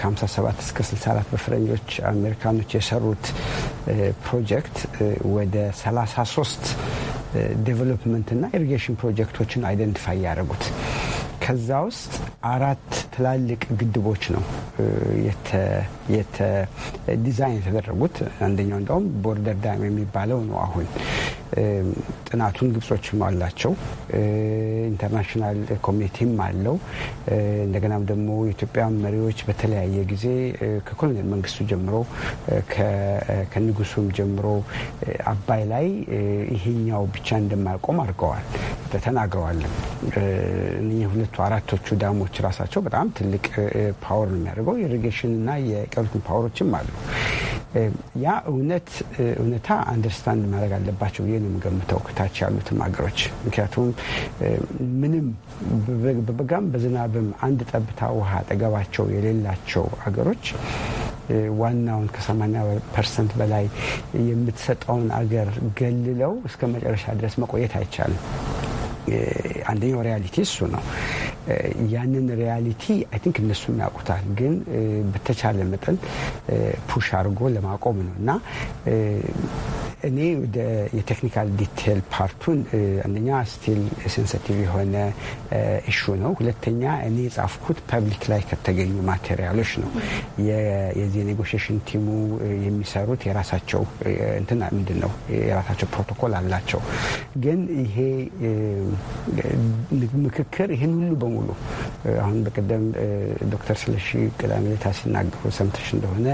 ከ57 እስከ 64 በፈረንጆች አሜሪካኖች የሰሩት ፕሮጀክት ወደ 33 ዴቨሎፕመንትና ኢሪጌሽን ፕሮጀክቶችን አይደንቲፋይ ያደረጉት ከዛ ውስጥ አራት ትላልቅ ግድቦች ነው ዲዛይን የተደረጉት። አንደኛው እንደውም ቦርደር ዳም የሚባለው ነው አሁን ጥናቱን ግብጾችም አላቸው፣ ኢንተርናሽናል ኮሚኒቲም አለው። እንደገናም ደግሞ የኢትዮጵያ መሪዎች በተለያየ ጊዜ ከኮሎኔል መንግስቱ ጀምሮ ከንጉሱም ጀምሮ አባይ ላይ ይሄኛው ብቻ እንደማይቆም አድርገዋል ተናግረዋልም። እነኚህ ሁለቱ አራቶቹ ዳሞች ራሳቸው በጣም ትልቅ ፓወር ነው የሚያደርገው። ኢሪጌሽንና የቀሩትን ፓወሮችም አሉ። ያ እውነት እውነታ አንደርስታንድ ማድረግ አለባቸው ይህን የምገምተው ከታች ያሉትም ሀገሮች። ምክንያቱም ምንም በበጋም በዝናብም አንድ ጠብታ ውሃ አጠገባቸው የሌላቸው ሀገሮች ዋናውን ከ80 ፐርሰንት በላይ የምትሰጠውን አገር ገልለው እስከ መጨረሻ ድረስ መቆየት አይቻልም። አንደኛው ሪያሊቲ እሱ ነው። ያንን ሪያሊቲ አይ ቲንክ እነሱም ያውቁታል፣ ግን በተቻለ መጠን ፑሽ አድርጎ ለማቆም ነው እና እኔ ወደ የቴክኒካል ዲቴል ፓርቱን አንደኛ ስቲል ሴንሰቲቭ የሆነ ኢሹ ነው። ሁለተኛ እኔ የጻፍኩት ፐብሊክ ላይ ከተገኙ ማቴሪያሎች ነው። የዚህ ኔጎሽሽን ቲሙ የሚሰሩት የራሳቸው እንትና ምንድን ነው የራሳቸው ፕሮቶኮል አላቸው። ግን ይሄ ምክክር ይህን ሁሉ በሙሉ አሁን በቀደም ዶክተር ስለሺ ቅዳሜ ሲናገሩ ሰምተሽ እንደሆነ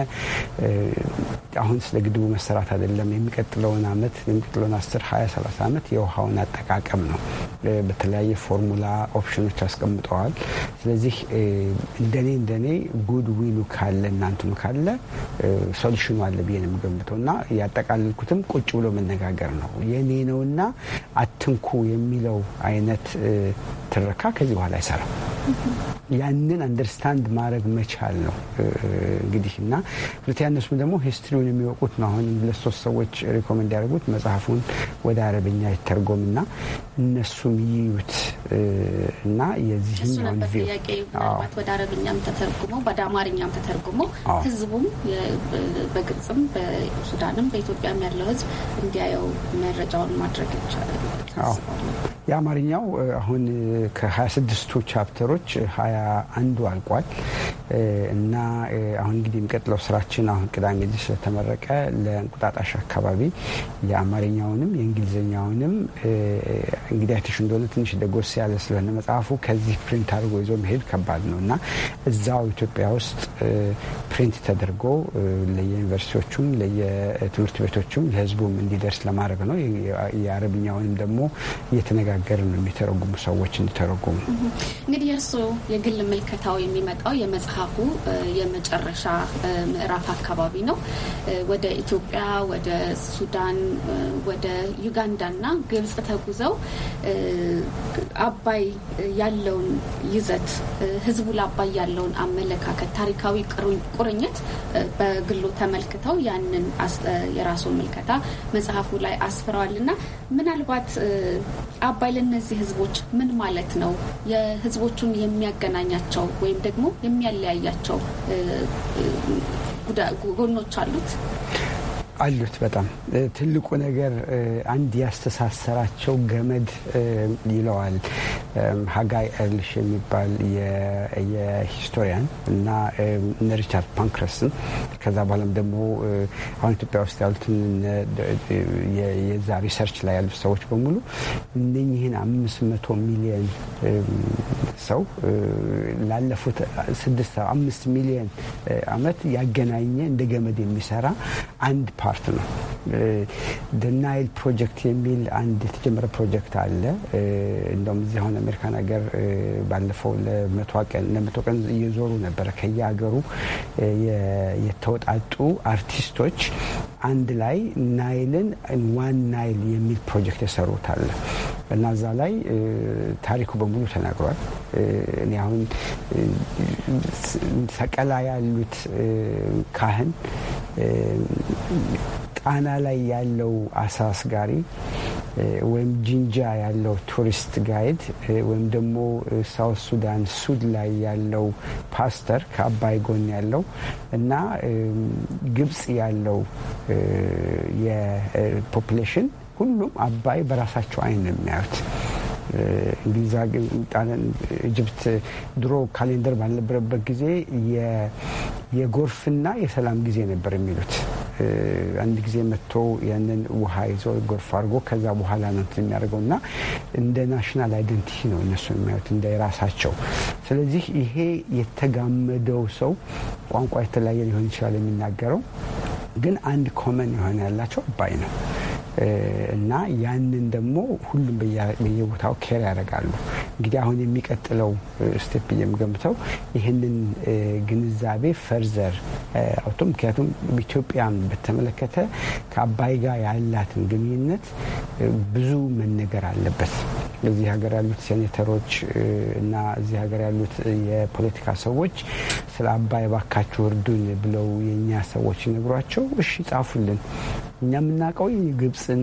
አሁን ስለ ግድቡ መሰራት አይደለም የሚቀጥለውን ዓመት የሚቀጥለውን 10 20 30 ዓመት የውሃውን አጠቃቀም ነው። በተለያየ ፎርሙላ ኦፕሽኖች አስቀምጠዋል። ስለዚህ እንደኔ እንደኔ ጉድ ዊሉ ካለ እናንትኑ ካለ ሶሉሽኑ አለ ብዬ ነው የምገምተው እና ያጠቃልልኩትም ቁጭ ብሎ መነጋገር ነው የኔ ነውና አትንኩ የሚለው አይነት ትረካ ከዚህ በኋላ አይሰራም። ያንን አንደርስታንድ ማድረግ መቻል ነው እንግዲህ እና ሁለት ያነሱ ደግሞ ሂስትሪውን የሚወቁት ነው። አሁን ለሶስት ሰዎች ሪኮመንድ ያደርጉት መጽሐፉን ወደ አረብኛ ይተርጎም ይተርጎምና እነሱም ይዩት እና የዚህም ምናልባት ወደ አረብኛም ተተርጉሞ ወደ አማርኛም ተተርጉሞ ህዝቡም በግብፅም በሱዳንም በኢትዮጵያም ያለው ህዝብ እንዲያየው መረጃውን ማድረግ ይቻላል። የአማርኛው አሁን ከ26ቱ ቻፕተሮች 21 አንዱ አልቋል። እና አሁን እንግዲህ የሚቀጥለው ስራችን አሁን ቅዳሜ ዕለት ስለተመረቀ ለእንቁጣጣሽ አካባቢ የአማርኛውንም የእንግሊዝኛውንም እንግዲህ አይተሽ እንደሆነ ትንሽ ደጎስ ያለ ስለሆነ መጽሐፉ ከዚህ ፕሪንት አድርጎ ይዞ መሄድ ከባድ ነው እና እዛው ኢትዮጵያ ውስጥ ፕሪንት ተደርጎ ለየዩኒቨርሲቲዎቹም ለየትምህርት ቤቶቹም ለህዝቡም እንዲደርስ ለማድረግ ነው። የአረብኛውንም ደግሞ እየተነጋገር ነው የሚተረጉሙ ሰዎች እንዲተረጉሙ እንግዲህ የእርስዎ የግል ምልከታው የሚመጣው የመጽሐፍ የመጽሐፉ የመጨረሻ ምዕራፍ አካባቢ ነው። ወደ ኢትዮጵያ፣ ወደ ሱዳን፣ ወደ ዩጋንዳና ግብጽ ተጉዘው አባይ ያለውን ይዘት ህዝቡ ለአባይ ያለውን አመለካከት፣ ታሪካዊ ቁርኝት በግሎ ተመልክተው ያንን የራሱን ምልከታ መጽሐፉ ላይ አስፍረዋል እና ምናልባት አባይ ለነዚህ ህዝቦች ምን ማለት ነው? የህዝቦቹን የሚያገናኛቸው ወይም ደግሞ የሚያለ ያያቸው ጎኖች አሉት። አሉት። በጣም ትልቁ ነገር አንድ ያስተሳሰራቸው ገመድ ይለዋል ሀጋይ ኤርልሽ የሚባል የሂስቶሪያን እና ሪቻርድ ፓንክረስን ከዛ በኋላም ደግሞ አሁን ኢትዮጵያ ውስጥ ያሉትን የዛ ሪሰርች ላይ ያሉት ሰዎች በሙሉ እነኚህን አምስት መቶ ሚሊዮን ሰው ላለፉት ስድስት አምስት ሚሊዮን አመት ያገናኘ እንደ ገመድ የሚሰራ አንድ ፓርት ነው። ደናይል ፕሮጀክት የሚል አንድ የተጀመረ ፕሮጀክት አለ። እንደውም እዚህ አሁን አሜሪካን ሀገር ባለፈው ለመቶ ቀን እየዞሩ ነበረ ከየሀገሩ የተወጣጡ አርቲስቶች አንድ ላይ ናይልን ዋን ናይል የሚል ፕሮጀክት የሰሩት አለ። እና እዛ ላይ ታሪኩ በሙሉ ተናግሯል። እኔ አሁን ሰቀላ ያሉት ካህን ጣና ላይ ያለው አሳ አስጋሪ ወይም ጂንጃ ያለው ቱሪስት ጋይድ ወይም ደግሞ ሳውት ሱዳን ሱድ ላይ ያለው ፓስተር ከአባይ ጎን ያለው እና ግብጽ ያለው የፖፕሌሽን ሁሉም አባይ በራሳቸው አይን ነው የሚያዩት። እንግሊዝ ጣሊያን፣ ኢጅፕት ድሮ ካሌንደር ባልነበረበት ጊዜ የጎርፍና የሰላም ጊዜ ነበር የሚሉት። አንድ ጊዜ መጥቶ ያንን ውሃ ይዞ ጎርፍ አድርጎ ከዛ በኋላ ነው የሚያደርገው እና እንደ ናሽናል አይደንቲቲ ነው እነሱ የሚያዩት እንደ ራሳቸው። ስለዚህ ይሄ የተጋመደው ሰው ቋንቋ የተለያየ ሊሆን ይችላል የሚናገረው ግን አንድ ኮመን የሆነ ያላቸው አባይ ነው እና ያንን ደግሞ ሁሉም በየቦታው ኬር ያደርጋሉ። እንግዲህ አሁን የሚቀጥለው ስቴፕ የምገምተው ይህንን ግንዛቤ ፈርዘር አውቶ ምክንያቱም ኢትዮጵያን በተመለከተ ከአባይ ጋር ያላትን ግንኙነት ብዙ መነገር አለበት። እዚህ ሀገር ያሉት ሴኔተሮች እና እዚህ ሀገር ያሉት የፖለቲካ ሰዎች ስለ አባይ ባካችሁ እርዱኝ ብለው የእኛ ሰዎች ነግሯቸው እሺ ጻፉልን እኛ የምናውቀው ግብፅን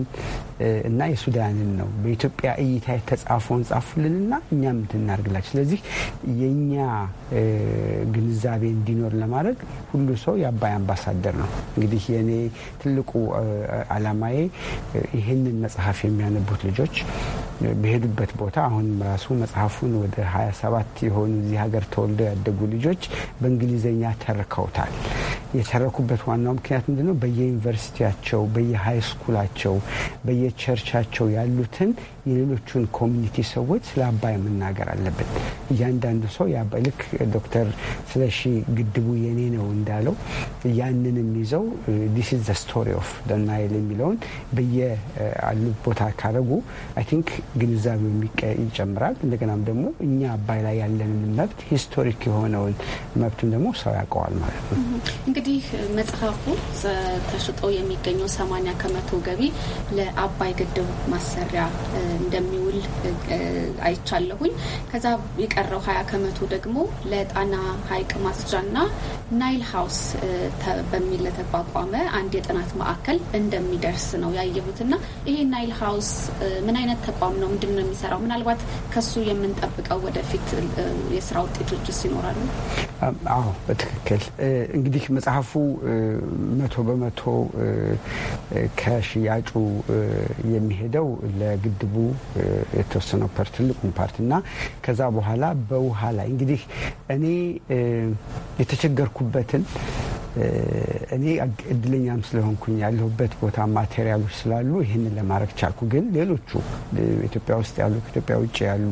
እና የሱዳንን ነው። በኢትዮጵያ እይታ የተጻፈውን ጻፉልንና እኛ ምትናርግላች። ስለዚህ የእኛ ግንዛቤ እንዲኖር ለማድረግ ሁሉ ሰው የአባይ አምባሳደር ነው። እንግዲህ የእኔ ትልቁ አላማዬ ይህንን መጽሐፍ የሚያነቡት ልጆች በሄዱበት ቦታ አሁንም ራሱ መጽሐፉን ወደ 27 የሆኑ እዚህ ሀገር ተወልደው ያደጉ ልጆች በእንግሊዝኛ ተርከውታል። የተረኩበት ዋናው ምክንያት ምንድነው? በየዩኒቨርሲቲያቸው፣ በየሃይስኩላቸው፣ በየቸርቻቸው ያሉትን የሌሎቹን ኮሚኒቲ ሰዎች ስለ አባይ መናገር አለብን። እያንዳንዱ ሰው ልክ ዶክተር ስለሺ ግድቡ የኔ ነው እንዳለው ያንን የሚይዘው ዲስ ኢዝ ዘ ስቶሪ ኦፍ ናይል የሚለውን በየአሉ ቦታ ካደረጉ አይ ቲንክ ግንዛቤው ይጨምራል። እንደገናም ደግሞ እኛ አባይ ላይ ያለንን መብት ሂስቶሪክ የሆነውን መብቱን ደግሞ ሰው ያውቀዋል ማለት ነው። እንግዲህ መጽሐፉ ተሽጦ የሚገኘው ሰማኒያ ከመቶ ገቢ ለአባይ ግድብ ማሰሪያ እንደሚውል አይቻለሁኝ። ከዛ የቀረው ሀያ ከመቶ ደግሞ ለጣና ሀይቅ ማስጃና ናይል ሀውስ በሚል ለተቋቋመ አንድ የጥናት ማዕከል እንደሚደርስ ነው ያየሁትና ይሄ ናይል ሀውስ ምን አይነት ተቋም ነው? ምንድን ነው የሚሰራው? ምናልባት ከሱ የምንጠብቀው ወደፊት የስራ ውጤቶች ውስጥ ይኖራሉ? አዎ በትክክል እንግዲህ መጽሐፉ መቶ በመቶ ከሽያጩ የሚሄደው ለግድቡ የተወሰነው ፐር ትልቁን ፓርት እና ከዛ በኋላ በውሃ ላይ እንግዲህ እኔ የተቸገርኩበትን እኔ እድለኛም ስለሆንኩኝ ያለሁበት ቦታ ማቴሪያሎች ስላሉ ይህንን ለማድረግ ቻልኩ። ግን ሌሎቹ ኢትዮጵያ ውስጥ ያሉ ከኢትዮጵያ ውጭ ያሉ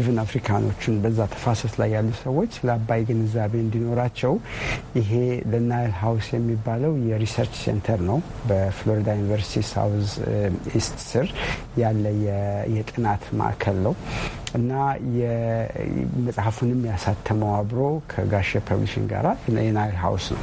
ኢቨን አፍሪካኖቹን በዛ ተፋሰስ ላይ ያሉ ሰዎች ስለ አባይ ግንዛቤ እንዲኖራቸው ይሄ ለናይል ሀውስ የሚባለው የሪሰርች ሴንተር ነው። በፍሎሪዳ ዩኒቨርሲቲ ሳውዝ ኢስት ስር ያለ የጥናት ማዕከል ነው እና መጽሐፉንም ያሳተመው አብሮ ከጋሼ ፐብሊሽን ጋራ የናይል ሀውስ ነው።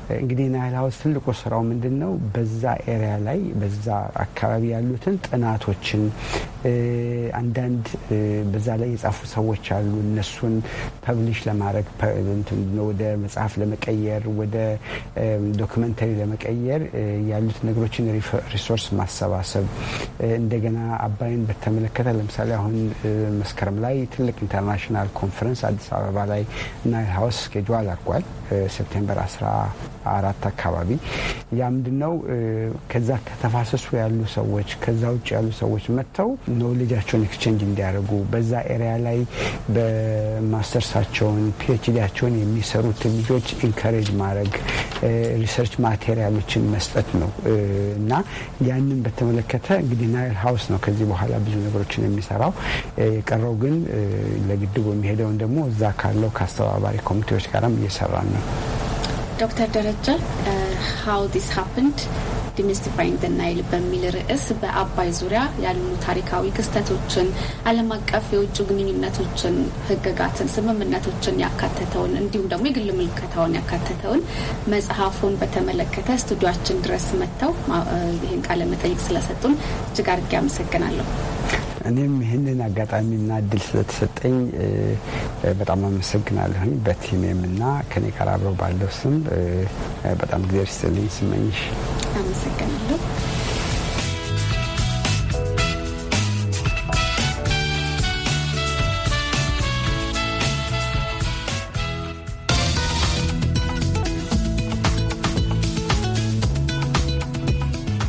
እንግዲህ ናይል ሀውስ ትልቁ ስራው ምንድን ነው? በዛ ኤሪያ ላይ በዛ አካባቢ ያሉትን ጥናቶችን አንዳንድ በዛ ላይ የጻፉ ሰዎች አሉ። እነሱን ፐብሊሽ ለማድረግ ወደ መጽሐፍ ለመቀየር ወደ ዶክመንተሪ ለመቀየር ያሉት ነገሮችን ሪሶርስ ማሰባሰብ እንደገና አባይን በተመለከተ ለምሳሌ አሁን መስከረም ላይ ትልቅ ኢንተርናሽናል ኮንፈረንስ አዲስ አበባ ላይ ናይል ሀውስ ስኬጁል አድርጓል። ሴፕቴምበር 1 አራት አካባቢ ያ ምንድነው ከዛ ከተፋሰሱ ያሉ ሰዎች ከዛ ውጭ ያሉ ሰዎች መጥተው ኖሌጃቸውን ኤክስቼንጅ እንዲያደርጉ በዛ ኤሪያ ላይ በማስተርሳቸውን ፒኤችዲያቸውን የሚሰሩት ልጆች ኢንካሬጅ ማድረግ ሪሰርች ማቴሪያሎችን መስጠት ነው እና ያንን በተመለከተ እንግዲህ ናይል ሀውስ ነው ከዚህ በኋላ ብዙ ነገሮችን የሚሰራው። የቀረው ግን ለግድቡ የሚሄደውን ደግሞ እዛ ካለው ከአስተባባሪ ኮሚቴዎች ጋርም እየሰራን ነው። ዶክተር ደረጀ ሀው ዲስ ሀፕንድ ዲሚስቲፋይንግ ዘ በሚል ርዕስ በአባይ ዙሪያ ያሉ ታሪካዊ ክስተቶችን፣ ዓለም አቀፍ የውጭ ግንኙነቶችን፣ ህግጋትን፣ ስምምነቶችን ያካተተውን እንዲሁም ደግሞ የግል ምልከታውን ያካተተውን መጽሐፉን በተመለከተ ስቱዲዮችን ድረስ መጥተው ይህን ቃለ መጠይቅ ስለሰጡን እጅግ አድርጌ አመሰግናለሁ። እኔም ይህንን አጋጣሚና እድል ስለተሰጠኝ በጣም አመሰግናለሁኝ። በቲሜም እና ከኔ ጋር አብረው ባለው ስም በጣም ጊዜ ርስጥልኝ ስመኝሽ አመሰግናለሁ።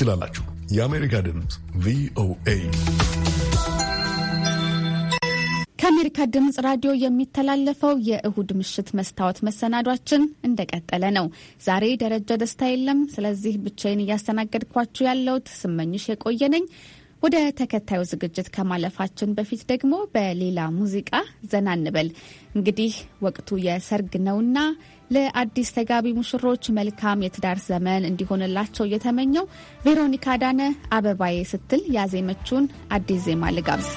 ትችላላችሁ። የአሜሪካ ድምፅ ቪኦኤ ከአሜሪካ ድምፅ ራዲዮ የሚተላለፈው የእሁድ ምሽት መስታወት መሰናዷችን እንደቀጠለ ነው። ዛሬ ደረጃ ደስታ የለም። ስለዚህ ብቻዬን እያስተናገድኳችሁ ያለሁት ስመኝሽ የቆየ ነኝ። ወደ ተከታዩ ዝግጅት ከማለፋችን በፊት ደግሞ በሌላ ሙዚቃ ዘና እንበል። እንግዲህ ወቅቱ የሰርግ ነውና ለአዲስ ተጋቢ ሙሽሮች መልካም የትዳር ዘመን እንዲሆንላቸው እየተመኘው ቬሮኒካ ዳነ አበባዬ ስትል ያዜመችውን አዲስ ዜማ ልጋብዝ።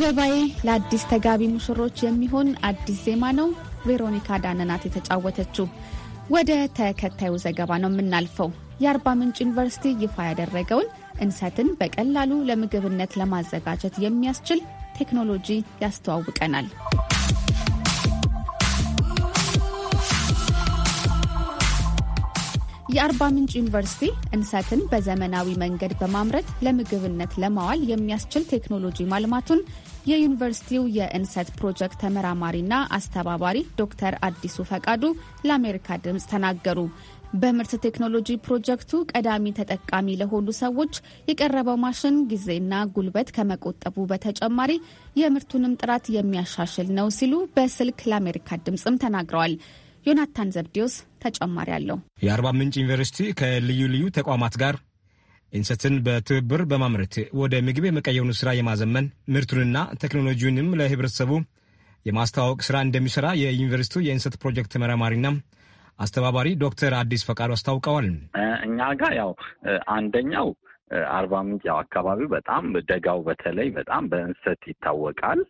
አበባዬ ለአዲስ ተጋቢ ሙሽሮች የሚሆን አዲስ ዜማ ነው። ቬሮኒካ ዳነናት የተጫወተችው። ወደ ተከታዩ ዘገባ ነው የምናልፈው። የአርባ ምንጭ ዩኒቨርሲቲ ይፋ ያደረገውን እንሰትን በቀላሉ ለምግብነት ለማዘጋጀት የሚያስችል ቴክኖሎጂ ያስተዋውቀናል። የአርባ ምንጭ ዩኒቨርሲቲ እንሰትን በዘመናዊ መንገድ በማምረት ለምግብነት ለማዋል የሚያስችል ቴክኖሎጂ ማልማቱን የዩኒቨርሲቲው የእንሰት ፕሮጀክት ተመራማሪና አስተባባሪ ዶክተር አዲሱ ፈቃዱ ለአሜሪካ ድምፅ ተናገሩ። በምርት ቴክኖሎጂ ፕሮጀክቱ ቀዳሚ ተጠቃሚ ለሆኑ ሰዎች የቀረበው ማሽን ጊዜና ጉልበት ከመቆጠቡ በተጨማሪ የምርቱንም ጥራት የሚያሻሽል ነው ሲሉ በስልክ ለአሜሪካ ድምፅም ተናግረዋል። ዮናታን ዘብዲዮስ ተጨማሪ አለው። የአርባ ምንጭ ዩኒቨርሲቲ ከልዩ ልዩ ተቋማት ጋር እንሰትን በትብብር በማምረት ወደ ምግብ የመቀየሩን ስራ የማዘመን ምርቱንና ቴክኖሎጂውንም ለህብረተሰቡ የማስተዋወቅ ስራ እንደሚሰራ የዩኒቨርሲቲው የእንሰት ፕሮጀክት መረማሪና አስተባባሪ ዶክተር አዲስ ፈቃዱ አስታውቀዋል። እኛ ጋር ያው አንደኛው አርባ ምንጭ ያው አካባቢው በጣም ደጋው በተለይ በጣም በእንሰት ይታወቃል።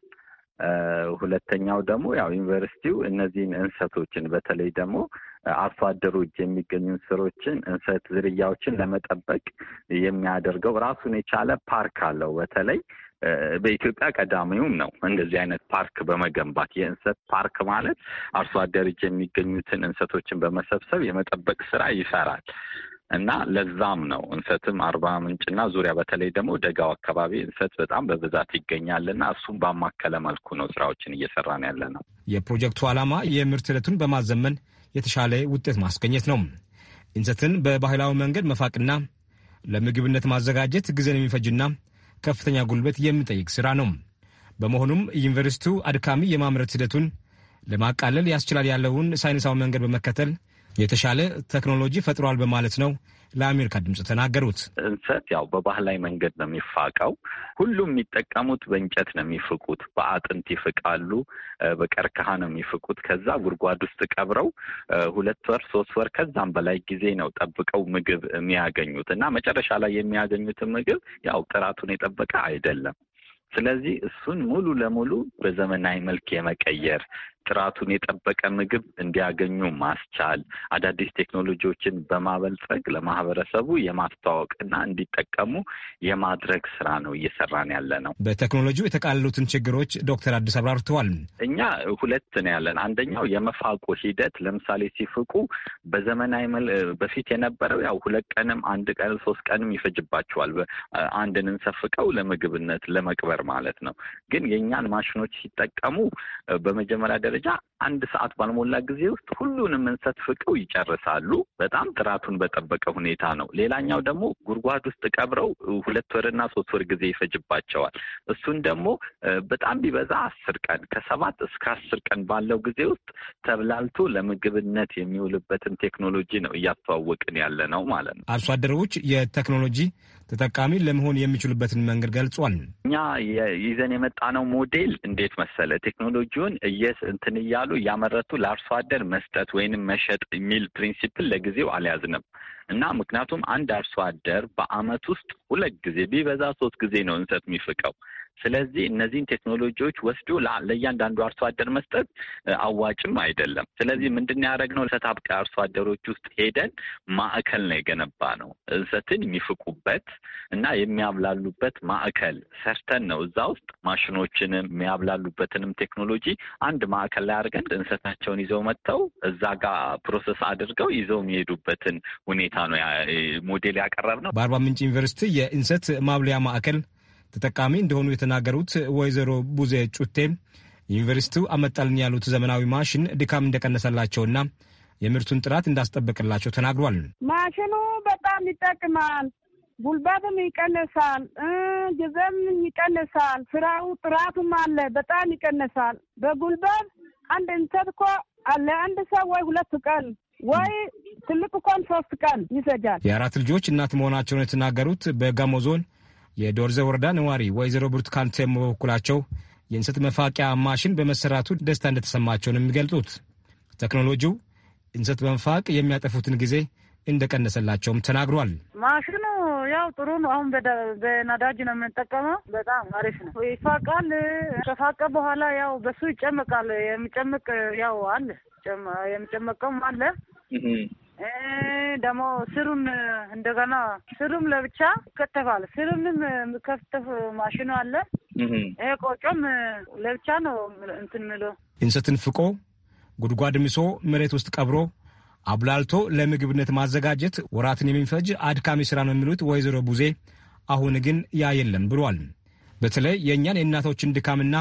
ሁለተኛው ደግሞ ያው ዩኒቨርሲቲው እነዚህን እንሰቶችን በተለይ ደግሞ አርሶ አደሩ እጅ የሚገኙ እንስሮችን እንሰት ዝርያዎችን ለመጠበቅ የሚያደርገው ራሱን የቻለ ፓርክ አለው። በተለይ በኢትዮጵያ ቀዳሚውም ነው እንደዚህ አይነት ፓርክ በመገንባት የእንሰት ፓርክ ማለት አርሶ አደር እጅ የሚገኙትን እንሰቶችን በመሰብሰብ የመጠበቅ ስራ ይሰራል። እና ለዛም ነው እንሰትም አርባ ምንጭና ዙሪያ በተለይ ደግሞ ደጋው አካባቢ እንሰት በጣም በብዛት ይገኛልና እሱም ባማከለ መልኩ ነው ስራዎችን እየሰራን ያለ ነው። የፕሮጀክቱ ዓላማ የምርት ዕለቱን በማዘመን የተሻለ ውጤት ማስገኘት ነው። እንሰትን በባህላዊ መንገድ መፋቅና ለምግብነት ማዘጋጀት ጊዜን የሚፈጅና ከፍተኛ ጉልበት የሚጠይቅ ሥራ ነው። በመሆኑም ዩኒቨርስቲው አድካሚ የማምረት ሂደቱን ለማቃለል ያስችላል ያለውን ሳይንሳዊ መንገድ በመከተል የተሻለ ቴክኖሎጂ ፈጥሯል በማለት ነው ለአሜሪካ ድምፅ ተናገሩት። እንሰት ያው በባህላዊ መንገድ ነው የሚፋቀው። ሁሉም የሚጠቀሙት በእንጨት ነው የሚፍቁት፣ በአጥንት ይፍቃሉ፣ በቀርከሃ ነው የሚፍቁት። ከዛ ጉድጓድ ውስጥ ቀብረው ሁለት ወር ሶስት ወር ከዛም በላይ ጊዜ ነው ጠብቀው ምግብ የሚያገኙት እና መጨረሻ ላይ የሚያገኙትን ምግብ ያው ጥራቱን የጠበቀ አይደለም። ስለዚህ እሱን ሙሉ ለሙሉ በዘመናዊ መልክ የመቀየር ጥራቱን የጠበቀ ምግብ እንዲያገኙ ማስቻል፣ አዳዲስ ቴክኖሎጂዎችን በማበልጸግ ለማህበረሰቡ የማስተዋወቅና እንዲጠቀሙ የማድረግ ስራ ነው እየሰራን ያለ ነው። በቴክኖሎጂው የተቃለሉትን ችግሮች ዶክተር አዲስ አብራርተዋል። እኛ ሁለት ነው ያለን። አንደኛው የመፋቁ ሂደት ለምሳሌ ሲፍቁ በዘመናዊ በፊት የነበረው ያው ሁለት ቀንም አንድ ቀን ሶስት ቀንም ይፈጅባቸዋል አንድን እንሰፍቀው ለምግብነት ለመቅበር ማለት ነው። ግን የእኛን ማሽኖች ሲጠቀሙ በመጀመሪያ ደረጃ አንድ ሰዓት ባልሞላ ጊዜ ውስጥ ሁሉንም እንሰት ፍቀው ይጨርሳሉ። በጣም ጥራቱን በጠበቀ ሁኔታ ነው። ሌላኛው ደግሞ ጉድጓድ ውስጥ ቀብረው ሁለት ወርና ሶስት ወር ጊዜ ይፈጅባቸዋል። እሱን ደግሞ በጣም ቢበዛ አስር ቀን ከሰባት እስከ አስር ቀን ባለው ጊዜ ውስጥ ተብላልቶ ለምግብነት የሚውልበትን ቴክኖሎጂ ነው እያስተዋወቅን ያለ ነው ማለት ነው። አርሶ አደሮች የቴክኖሎጂ ተጠቃሚ ለመሆን የሚችሉበትን መንገድ ገልጿል። እኛ ይዘን የመጣነው ሞዴል እንዴት መሰለ ቴክኖሎጂውን እየስ እንትን እያሉ እያመረቱ ለአርሶ አደር መስጠት ወይንም መሸጥ የሚል ፕሪንሲፕል ለጊዜው አልያዝንም እና ምክንያቱም አንድ አርሶ አደር በአመት ውስጥ ሁለት ጊዜ ቢበዛ ሶስት ጊዜ ነው እንሰት የሚፍቀው ስለዚህ እነዚህን ቴክኖሎጂዎች ወስዶ ለእያንዳንዱ አርሶ አደር መስጠት አዋጭም አይደለም። ስለዚህ ምንድን ያደረግነው እንሰት አብቃይ አርሶ አደሮች ውስጥ ሄደን ማዕከል ነው የገነባ ነው። እንሰትን የሚፍቁበት እና የሚያብላሉበት ማዕከል ሰርተን ነው እዛ ውስጥ ማሽኖችንም የሚያብላሉበትንም ቴክኖሎጂ አንድ ማዕከል ላይ አድርገን እንሰታቸውን ይዘው መጥተው እዛ ጋር ፕሮሰስ አድርገው ይዘው የሚሄዱበትን ሁኔታ ነው ሞዴል ያቀረብ ነው። በአርባ ምንጭ ዩኒቨርሲቲ የእንሰት ማብለያ ማዕከል ተጠቃሚ እንደሆኑ የተናገሩት ወይዘሮ ቡዜ ጩቴ ዩኒቨርሲቲው አመጣልን ያሉት ዘመናዊ ማሽን ድካም እንደቀነሰላቸውና የምርቱን ጥራት እንዳስጠበቅላቸው ተናግሯል። ማሽኑ በጣም ይጠቅማል። ጉልበትም ይቀንሳል፣ ጊዜም ይቀንሳል። ስራው ጥራቱም አለ በጣም ይቀንሳል። በጉልበት አንድ እንሰት እኮ ለአንድ ሰው ወይ ሁለት ቀን ወይ ትልቅ እኮን ሶስት ቀን ይሰጃል። የአራት ልጆች እናት መሆናቸውን የተናገሩት በጋሞ ዞን የዶርዘ ወረዳ ነዋሪ ወይዘሮ ብርቱካን ተሞ በበኩላቸው የእንሰት መፋቂያ ማሽን በመሰራቱ ደስታ እንደተሰማቸው ነው የሚገልጡት። ቴክኖሎጂው እንሰት በመፋቅ የሚያጠፉትን ጊዜ እንደቀነሰላቸውም ተናግሯል። ማሽኑ ያው ጥሩ ነው። አሁን በነዳጅ ነው የምንጠቀመው። በጣም አሪፍ ነው። ይፋቃል። ከፋቀ በኋላ ያው በሱ ይጨመቃል። የሚጨምቅ ያው አለ የሚጨመቀውም አለ ደግሞ ስሩም እንደገና ስሩም ለብቻ ይከተፋል። ስሩንም የሚከተፍ ማሽኑ አለ። ይሄ ቆጮም ለብቻ ነው እንትን ምሎ እንሰትን ፍቆ ጉድጓድ ምሶ መሬት ውስጥ ቀብሮ አብላልቶ ለምግብነት ማዘጋጀት ወራትን የሚፈጅ አድካሚ ስራ ነው የሚሉት ወይዘሮ ቡዜ፣ አሁን ግን ያ የለም ብሏል። በተለይ የእኛን የእናቶችን ድካምና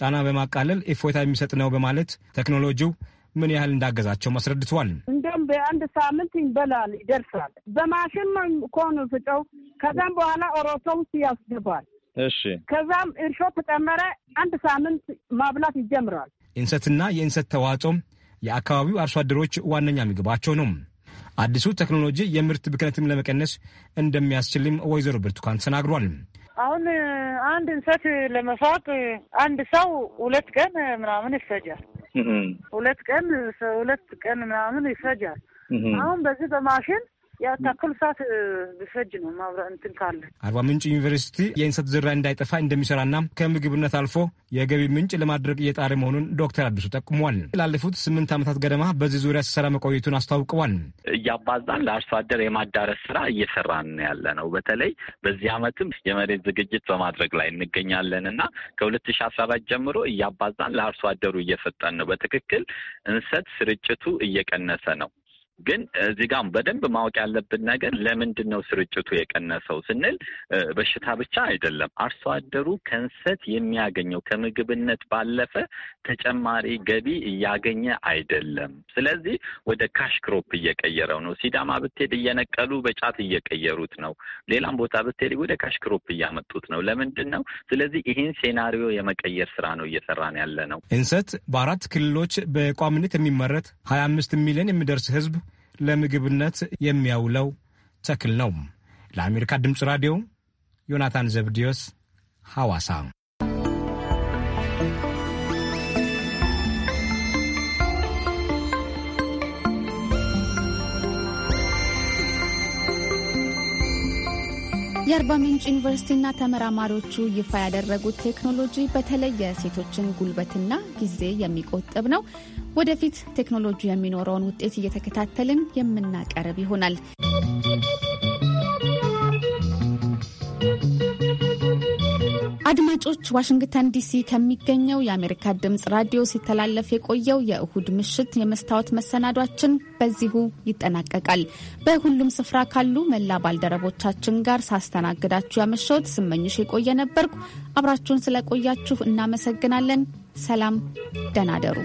ጫና በማቃለል እፎይታ የሚሰጥ ነው በማለት ቴክኖሎጂው ምን ያህል እንዳገዛቸው አስረድቷል እንደ በአንድ ሳምንት ይበላል ይደርሳል። በማሽን ኮኑ ፍጨው ከዛም በኋላ ኦሮቶ ውስጥ ያስገባል። እሺ ከዛም እርሾ ተጨመረ። አንድ ሳምንት ማብላት ይጀምራል። እንሰትና የእንሰት ተዋጽኦም የአካባቢው አርሶ አደሮች ዋነኛ ምግባቸው ነው። አዲሱ ቴክኖሎጂ የምርት ብክነትም ለመቀነስ እንደሚያስችልም ወይዘሮ ብርቱካን ተናግሯል። አሁን አንድ እንሰት ለመፋቅ አንድ ሰው ሁለት ቀን ምናምን ይፈጃል። ሁለት ቀን ሁለት ቀን ምናምን ይፈጃል። አሁን በዚህ በማሽን ያው ታክል ሰዓት ብፈጅ ነው ማብራ እንትን ካለ አርባ ምንጭ ዩኒቨርሲቲ የእንሰት ዝርያ እንዳይጠፋ እንደሚሰራና ከምግብነት አልፎ የገቢ ምንጭ ለማድረግ እየጣረ መሆኑን ዶክተር አዲሱ ጠቁሟል። ላለፉት ስምንት ዓመታት ገደማ በዚህ ዙሪያ ሲሰራ መቆየቱን አስታውቀዋል። እያባዛን ለአርሶ አደር የማዳረስ ስራ እየሰራን ያለ ነው። በተለይ በዚህ ዓመትም የመሬት ዝግጅት በማድረግ ላይ እንገኛለን እና ከሁለት ሺ አስራ አራት ጀምሮ እያባዛን ለአርሶ አደሩ እየሰጠን ነው። በትክክል እንሰት ስርጭቱ እየቀነሰ ነው። ግን እዚህ ጋር በደንብ ማወቅ ያለብን ነገር ለምንድን ነው ስርጭቱ የቀነሰው ስንል በሽታ ብቻ አይደለም። አርሶ አደሩ ከእንሰት የሚያገኘው ከምግብነት ባለፈ ተጨማሪ ገቢ እያገኘ አይደለም። ስለዚህ ወደ ካሽ ክሮፕ እየቀየረው ነው። ሲዳማ ብትሄድ እየነቀሉ በጫት እየቀየሩት ነው። ሌላም ቦታ ብትሄድ ወደ ካሽ ክሮፕ እያመጡት ነው። ለምንድን ነው? ስለዚህ ይህን ሴናሪዮ የመቀየር ስራ ነው እየሰራ ያለ ነው። እንሰት በአራት ክልሎች በቋምነት የሚመረት ሀያ አምስት ሚሊዮን የሚደርስ ህዝብ ለምግብነት የሚያውለው ተክል ነው። ለአሜሪካ ድምፅ ራዲዮ ዮናታን ዘብዲዮስ ሐዋሳ። የአርባ ምንጭ ዩኒቨርሲቲና ተመራማሪዎቹ ይፋ ያደረጉት ቴክኖሎጂ በተለይ የሴቶችን ጉልበትና ጊዜ የሚቆጥብ ነው። ወደፊት ቴክኖሎጂ የሚኖረውን ውጤት እየተከታተልን የምናቀርብ ይሆናል። አድማጮች ዋሽንግተን ዲሲ ከሚገኘው የአሜሪካ ድምፅ ራዲዮ ሲተላለፍ የቆየው የእሁድ ምሽት የመስታወት መሰናዷችን በዚሁ ይጠናቀቃል። በሁሉም ስፍራ ካሉ መላ ባልደረቦቻችን ጋር ሳስተናግዳችሁ ያመሸሁት ስመኝሽ የቆየ ነበርኩ። አብራችሁን ስለቆያችሁ እናመሰግናለን። ሰላም፣ ደህና ደሩ።